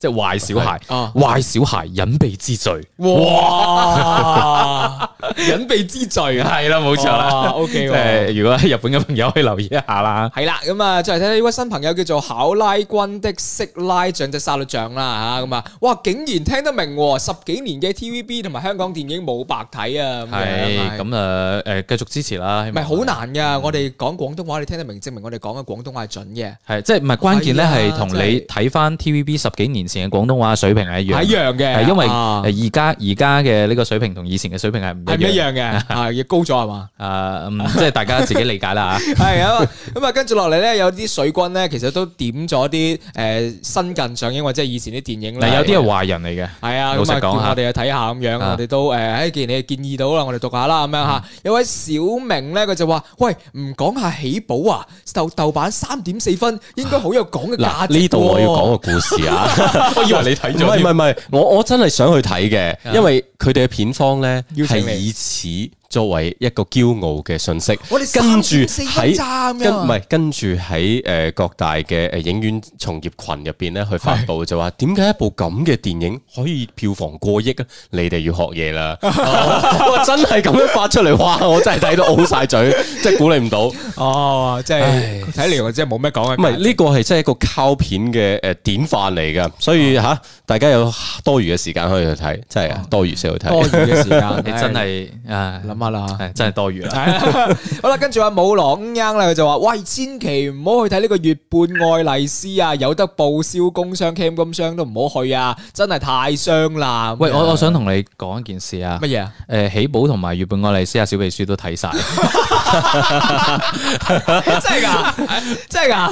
即係壞小孩，壞小孩隱蔽之罪。哇！隱蔽之罪係啦，冇錯啦。OK，如果喺日本嘅朋友可以留意一下啦。係啦，咁啊，就嚟睇呢位新朋友叫做考拉君的色拉像隻沙律醬啦吓。咁啊，哇，竟然聽得明，十幾年嘅 TVB 同埋香港電影冇白睇啊。咁啊，誒，繼續支持啦。唔係好難噶，我哋講廣東話，你聽得明，證明我哋講嘅廣東話係準嘅。係，即係唔係關鍵咧，係同你睇翻 TVB 十幾年。以前嘅廣東話水平係一樣，一樣嘅，係因為而家而家嘅呢個水平同以前嘅水平係唔一樣嘅、 <laughs> 嗯？啊，要高咗係嘛？誒，即係大家自己理解啦嚇、 <laughs> 嗯。係啊，咁啊，跟住落嚟咧，有啲水軍咧，其實都點咗啲誒新近上映或者係以前啲電影咧。有啲係壞人嚟嘅，係啊，咁啊，下，我哋去睇下咁樣，我哋都誒，喺既然你建議到啦，我哋讀下啦咁樣嚇。有位小明咧，佢就話：喂，唔講下喜寶啊？豆瓣三點四分，應該好有講嘅價值喎。嗱，呢度我要講個故事啊！我以為你睇咗，唔係唔係，唔係，我我真係想去睇嘅，因為佢哋嘅片方咧要係以此。作為一個驕傲嘅信息，啊、我哋跟住喺，唔係跟住喺誒各大嘅誒影院從業群入邊咧去發佈是，就話點解一部咁嘅電影可以票房過億啊？你哋要學嘢啦、 <laughs> 哦！我真係咁樣發出嚟，哇！我真係睇到 O 晒嘴，即係鼓勵唔到。哦，即係睇嚟我真係冇咩講啊！唔係呢個係真係一個靠片嘅誒典範嚟嘅，所以吓、啊、大家有多餘嘅時間可以去睇，真係啊！多餘先去睇，多餘嘅時間你真係誒諗。啊啊啊真係多餘啦。好啦，跟住阿武朗咁樣啦，佢就話：喂，千祈唔好去睇呢個月半愛麗絲啊，有得報銷工傷、cam 咁傷都唔好去啊！真係太傷啦。喂，我我想同你講一件事啊。乜嘢、啊？誒、欸，喜寶同埋月半愛麗絲啊，小秘書都睇晒、 <laughs> <laughs> 欸。真係㗎，真係㗎、欸欸、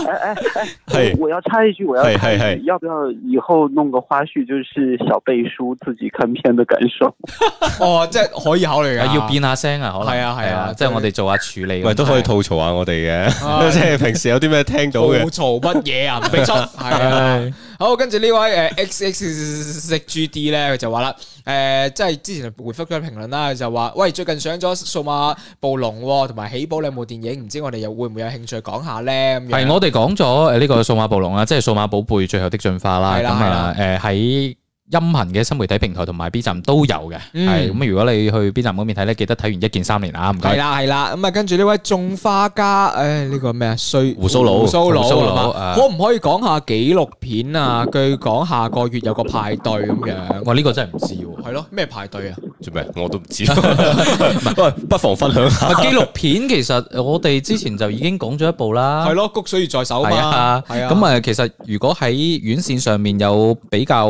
真誒誒 <laughs> 我要插一句，我要，嘿 <laughs> 要不要以後弄個花絮，就是小秘書自己看片的感受？ <laughs> 哦，即係可以考慮啊！要變啦～聲啊，可能係啊，係啊，即係我哋做下處理。喂，都可以吐槽下我哋嘅，即係平時有啲咩聽到嘅。吐槽乜嘢啊？唔明出。係啊。好，跟住呢位誒 X X G D 咧，佢就話啦，誒，即係之前回覆咗評論啦，就話喂，最近上咗數碼暴龍同埋喜寶兩部電影，唔知我哋又會唔會有興趣講下咧？咁樣。係，我哋講咗誒呢個數碼暴龍啦，即係數碼寶貝最後的進化啦，咁啊，誒喺。音頻嘅新媒體平台同埋 B 站都有嘅，係咁、嗯、如果你去 B 站嗰邊睇咧，記得睇完一鍵三連啊！係啦係啦，咁啊跟住呢位種花家，誒呢個咩啊？鬚胡鬚佬，胡鬚佬啊，可唔可以講下紀錄片啊？據講下個月有個派對咁樣，我呢、哦這個真係唔知喎。係咯，咩派對啊？做咩、啊？我都唔知， <laughs> 不，是 <laughs> 不妨分享下。 <laughs> 紀錄片其實我哋之前就已經講咗一部啦。係咯，掬水月在手啊，係啊，咁啊，其實如果喺院線上面有比較。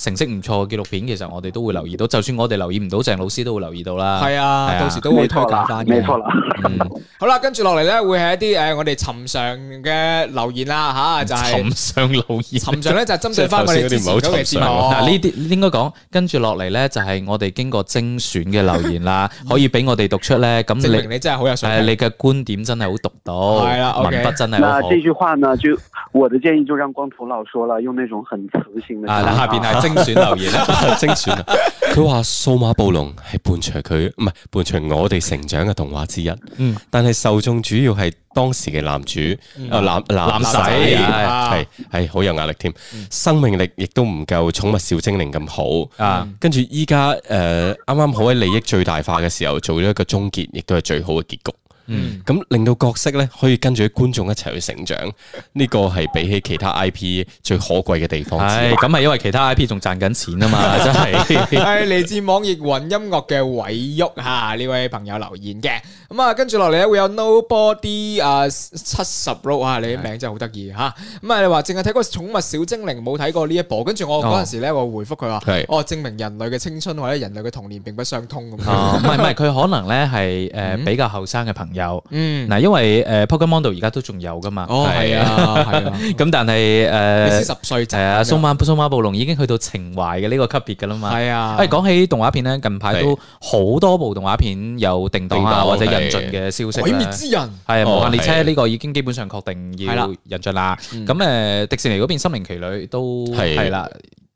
成績唔錯嘅紀錄片，其實我哋都會留意到。就算我哋留意唔到，鄭老師都會留意到啦。係啊，到時都會推介翻嘅。冇錯啦。嗯，好啦，跟住落嚟咧，會係一啲誒我哋尋常嘅留言啦，嚇就係尋常留言。尋常咧就係針對翻我哋啲嗱呢啲應該講，跟住落嚟咧就係我哋經過精選嘅留言啦，可以俾我哋讀出咧。咁證明你真係好有説。誒，你嘅觀點真係好讀到。文筆真係。呢句話呢，就我的建議就讓光頭佬說了，用那種很磁性嘅。啊，下邊係即。 <laughs> 精選留言啦，精選啊！佢話數碼暴龍係伴隨佢，唔係伴隨我哋成長嘅童話之一。嗯，但係受眾主要係當時嘅男主、嗯嗯、啊男男仔，係係好有壓力添，嗯、生命力亦都唔夠寵物小精靈咁好啊。跟住依家誒，啱啱、呃、好喺利益最大化嘅時候做咗一個終結，亦都係最好嘅結局。嗯，咁令到角色咧可以跟住觀眾一齊去成長，呢、這個係比起其他 I P 最可貴嘅地方。係，咁係因為其他 I P 仲賺緊錢啊嘛，真係。係嚟自網易雲音樂嘅偉旭吓，呢位朋友留言嘅。咁、嗯、啊，跟住落嚟咧會有 Nobody 啊七十六啊，你啲名真係好得意吓。咁啊，嗯、你話淨係睇過寵物小精靈，冇睇過呢一部。跟住我陣時咧，哦、我回復佢話，係對哦，證明人類嘅青春或者人類嘅童年並不相通咁樣。唔係唔係，佢 <laughs> 可能咧係誒比較後生嘅朋友。 <laughs> 有，嗱，嗯、因為誒 Pokemon 而家都仲有噶嘛，哦係啊，係啊，咁但係誒，十歲仔，係啊，數碼數碼暴龍已經去到情懷嘅呢個級別噶啦嘛，係、嗯、是啊，誒，講起動畫片咧，近排都好多部動畫片有定檔啊或者引進嘅消息，鬼滅之刃，係啊，無限列車呢個已經基本上確定要引進啦，咁誒，迪士尼嗰邊心靈奇旅都係啦。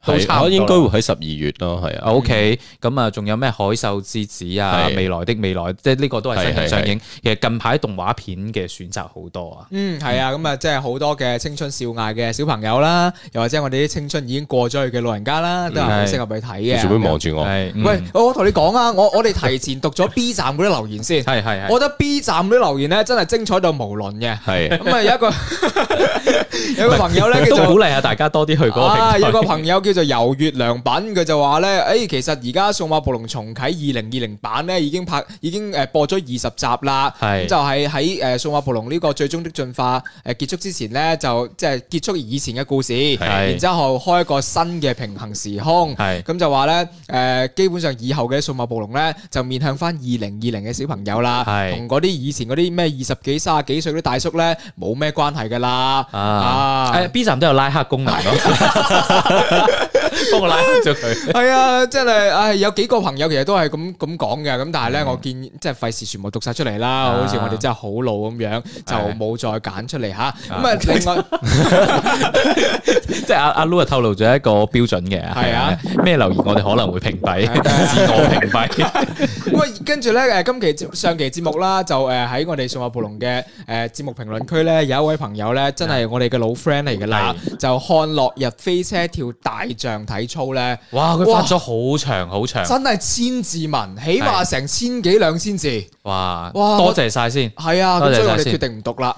都差唔多，應該會喺十二月咯，係啊。O K，咁啊，仲有咩《海獸之子》啊，《未來的未來》，即係呢個都係新戲上映。其實近排動畫片嘅選擇好多啊。嗯，係啊，咁啊，即係好多嘅青春少艾嘅小朋友啦，又或者我哋啲青春已經過咗去嘅老人家啦，都係好適合去睇嘅。你做咩望住我？喂，我同你講啊，我我哋提前讀咗 B 站嗰啲留言先。係係，我覺得 B 站嗰啲留言咧，真係精彩到無 limit 嘅。係，咁啊，有一個有個朋友咧，都鼓勵下大家多啲去嗰個啊，有個朋友叫。就游月良品佢就話呢。誒、欸，其實而家數碼暴龍重啟二零二零版咧，已經拍，已經誒播咗二十集啦。係是，就係喺誒數碼暴龍呢個最終的進化誒結束之前呢，就即係、就是、結束以前嘅故事，是然之後開一個新嘅平行時空，係是，咁就話呢，誒、呃，基本上以後嘅數碼暴龍呢，就面向翻二零二零嘅小朋友啦，同嗰啲以前嗰啲咩二十幾、三十幾歲嗰啲大叔呢，冇咩關係噶啦，啊，B 站都有拉黑功能。幫我拉黑咗佢，係啊，真係，唉，有幾個朋友其實都係咁咁講嘅，咁但係咧，我見即係費事全部讀晒出嚟啦，好似我哋真係好老咁樣，就冇再揀出嚟吓。咁啊，另外，即係阿阿 Lulu 透露咗一個標準嘅，係啊，咩留言我哋可能會屏蔽，自我屏蔽。咁啊，跟住咧，誒，今期上期節目啦，就誒喺我哋《數碼暴龍》嘅誒節目評論區咧，有一位朋友咧，真係我哋嘅老 friend 嚟嘅啦，就看落日飛車跳大。體象體操咧，哇！佢發咗好長好長，真係千字文，起碼成千幾兩千字，哇哇！多謝晒先，係啊，所以佢決定唔讀啦，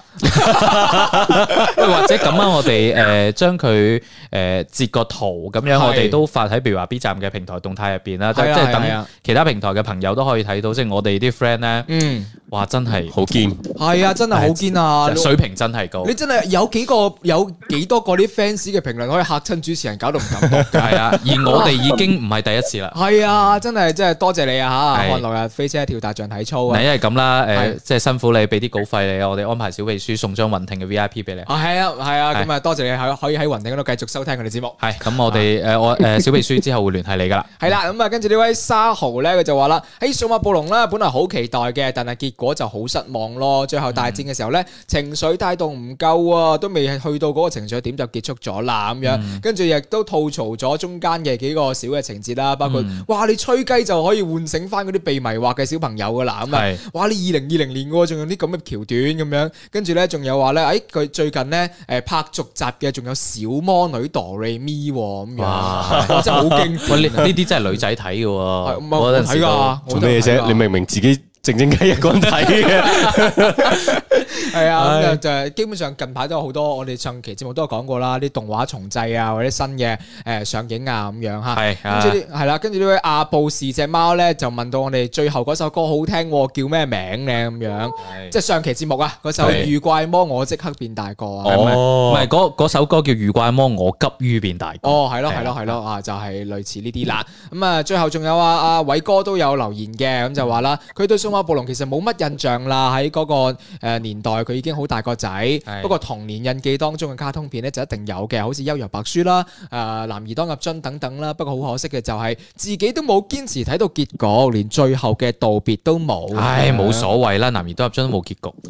或者咁啊，我哋誒將佢誒截個圖，咁樣我哋都發喺，譬如話 B 站嘅平台動態入邊啦，即係等其他平台嘅朋友都可以睇到，即係我哋啲 friend 咧，嗯，哇，真係好堅，係啊，真係好堅啊，水平真係高，你真係有幾個有幾多個啲 fans 嘅評論可以嚇親主持人，搞到唔～係啊，而我哋已經唔係第一次啦。係啊，真係真係多謝你啊！吓，按落日飛車一條大象體操。啊！因為咁啦，誒，即係辛苦你俾啲稿費你，我哋安排小秘書送張云婷嘅 V I P 俾你。啊，係啊，係啊，咁啊，多謝你可以喺云婷嗰度繼續收聽佢哋節目。係，咁我哋誒我誒小秘書之後會聯繫你噶啦。係啦，咁啊跟住呢位沙豪咧，佢就話啦，喺數碼暴龍咧本來好期待嘅，但係結果就好失望咯。最後大戰嘅時候咧，情緒帶動唔夠啊，都未去到嗰個情緒點就結束咗啦咁樣。跟住亦都套。吐槽咗中間嘅幾個小嘅情節啦，包括、嗯、哇你吹雞就可以喚醒翻嗰啲被迷惑嘅小朋友噶啦，咁啊哇你二零二零年嘅仲有啲咁嘅橋段咁樣，跟住咧仲有話咧，誒佢、哎、最近咧誒拍續集嘅仲有小魔女 Doremi 咁樣，真係好勁，呢啲真係女仔睇嘅，我睇噶，做咩嘢啫？你明明，明自己靜靜雞一個人睇嘅。 <laughs> 係啊，就係基本上近排都有好多，我哋上期節目都有講過啦，啲動畫重製啊，或者新嘅，誒上映啊，咁樣吓。係，係啦，跟住呢位阿布士隻貓咧，就問到我哋最後嗰首歌好聽，叫咩名咧？咁樣，即係上期節目啊，嗰首《遇怪魔我即刻變大個》。啊。唔係，嗰首歌叫《遇怪魔我急於變大個》。哦，係咯，係咯，係咯，啊，就係類似呢啲啦。咁啊，最後仲有啊，阿偉哥都有留言嘅，咁就話啦，佢對《數碼暴龍》其實冇乜印象啦，喺嗰個誒年代。佢已經好大個仔，的不過童年印記當中嘅卡通片咧就一定有嘅，好似《幽遊白書》啦、誒、呃《男兒當入樽》等等啦。不過好可惜嘅就係自己都冇堅持睇到結果，連最後嘅道別都冇。唉，冇的所謂啦，《男兒當入樽》都冇結局。 <laughs>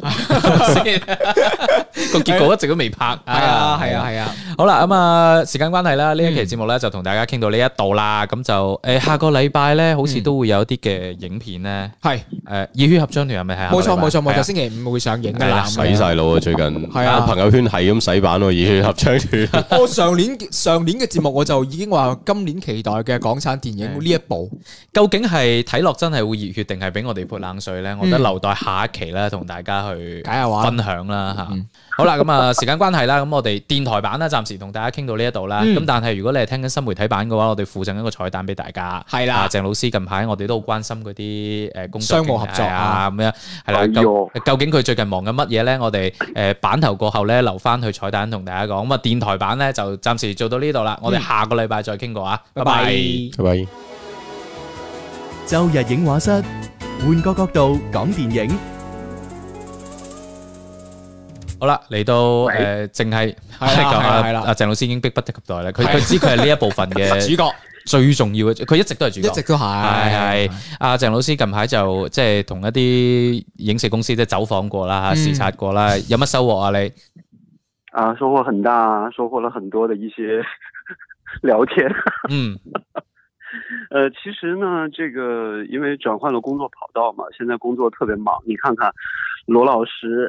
<laughs> <laughs> 個結果一直都未拍，係啊，係啊，係啊。好啦，咁啊，時間關係啦，呢一期節目咧就同大家傾到呢一度啦。咁就誒，下個禮拜咧，好似都會有一啲嘅影片咧，係誒《熱血合唱團》係咪係？冇錯，冇錯，冇錯，星期五會上映噶啦。洗晒腦啊，最近，係啊，朋友圈係咁洗版喎，《熱血合唱團》。我上年上年嘅節目，我就已經話今年期待嘅港產電影呢一部，究竟係睇落真係會熱血，定係俾我哋潑冷水咧？我覺得留待下一期咧，同大家去分享啦，吓。好啦，咁啊，時間關係啦，咁我哋電台版咧，暫時同大家傾到呢一度啦。咁但係如果你係聽緊新媒體版嘅話，我哋附贈一個彩蛋俾大家。係啦，鄭老師近排我哋都好關心嗰啲誒，商務合作啊，咁樣係啦。究竟佢最近忙緊乜嘢咧？我哋誒，版頭過後咧，留翻去彩蛋同大家講。咁啊，電台版咧就暫時做到呢度啦。我哋下個禮拜再傾過啊。拜拜，拜拜。周日影畫室，換個角度講電影。好啦，嚟到誒，淨係係啦，係啦，阿鄭老師已經迫不及待啦。佢佢知佢係呢一部分嘅主角，最重要嘅，佢一直都係主角，一直都係係。阿鄭老師近排就即係同一啲影視公司即係走訪過啦，視察過啦，有乜收穫啊？你啊，收穫很大，收穫了很多的一些聊天。嗯，誒，其實呢，這個因為轉換咗工作跑道嘛，現在工作特別忙。你看看羅老師。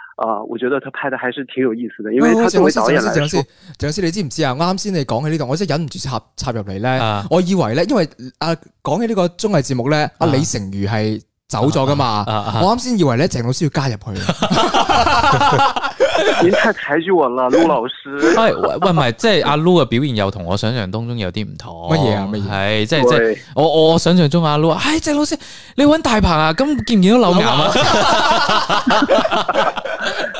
啊，我覺得佢拍得還是挺有意思嘅，因為佢作為導演嚟講。鄭老師，鄭老師，你知唔知我剛剛我啊？啱先你講起呢度，我真係忍唔住插插入嚟咧。我以為咧，因為啊，講起呢個綜藝節目咧，阿李成儒係走咗噶嘛。啊啊啊、我啱先以為咧，鄭老師要加入去。您 <laughs> 太抬舉我啦，陸老師。喂， <laughs> 唔係即係阿 Lu 嘅表現又同我想象當中有啲唔同。乜嘢啊？乜嘢？係即係即係，我我想象中阿 Lu，唉，鄭老師，你揾大鵬啊？咁見唔見到柳岩啊？ <laughs> <laughs>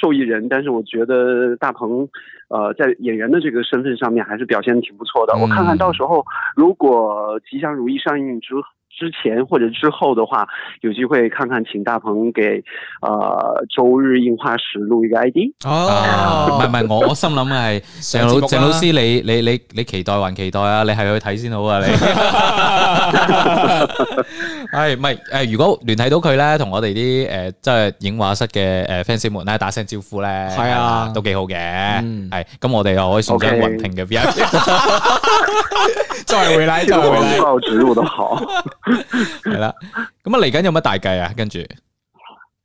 受益人，但是我覺得大鵬，呃，在演員的這個身份上面，還是表現得挺不錯的。我看看到時候如果吉祥如意上映之之前或者之後嘅話，有機會看看，請大鵬給，呃，周日影畫室錄一個 ID。哦，唔係唔係我我心諗嘅係鄭老鄭老師，你你你你期待還期待啊？你係去睇先好啊？你，係唔係？誒，如果聯繫到佢咧，同我哋啲誒，即係影畫室嘅誒 fans 們咧，打聲招呼咧，係啊，都幾好嘅。係，咁我哋又可以送張云庭嘅 VIP，再回來，再回來，廣告植入得好。係啦，咁啊嚟緊有乜大計啊？跟住。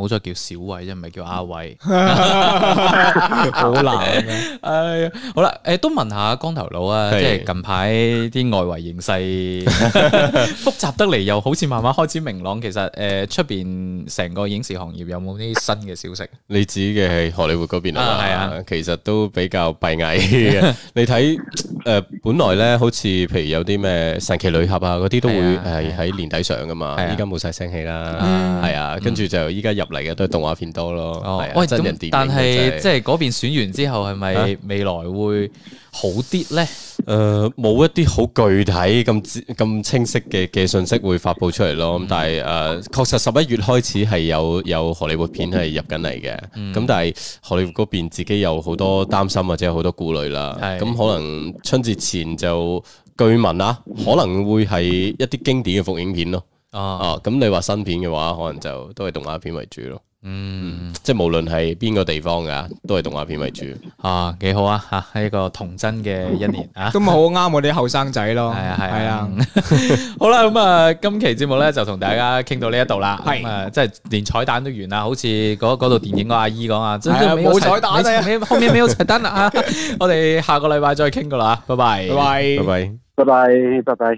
好彩叫小偉啫，唔係叫阿偉、 <laughs> <laughs> 啊 <laughs> 哎，好難。哎呀，好啦，誒，都問下光頭佬啊，是即係近排啲外圍形勢 <laughs> 複雜得嚟，又好似慢慢開始明朗。其實誒，出邊成個影視行業有冇啲新嘅消息？你指嘅係荷里活嗰邊啊？係啊，其實都比較閉翳。 <laughs> 你睇誒、呃，本來咧好似譬如有啲咩神奇女俠啊嗰啲都會係喺年底上噶嘛，依家冇晒聲氣啦，係、嗯、啊，跟住就依家入，嚟嘅都係動畫片多咯，哦，真、就是、但係即係嗰邊選完之後，係咪未來會好啲咧？誒、呃，冇一啲好具體咁、咁清晰嘅嘅信息會發佈出嚟咯。咁、嗯、但係誒，確、呃、實十一月開始係有有荷里活片係入緊嚟嘅。咁、嗯、但係荷里活嗰邊自己有好多擔心或者好多顧慮啦。咁、嗯、可能春節前就據聞啦，可能會係一啲經典嘅復映片咯。哦，咁你話新片嘅話，可能就都係動畫片為主咯。嗯，即係無論係邊個地方噶，都係動畫片為主。啊，幾好啊！吓，一個童真嘅一年啊，都好啱我哋後生仔咯。係啊，係啊。好啦，咁啊，今期節目咧就同大家傾到呢一度啦。係，即係連彩蛋都完啦。好似嗰嗰度電影個阿姨講啊，真係冇彩蛋啫，後面冇彩蛋啦啊！我哋下個禮拜再傾㗎啦。吓，拜拜，拜拜，拜拜，拜拜。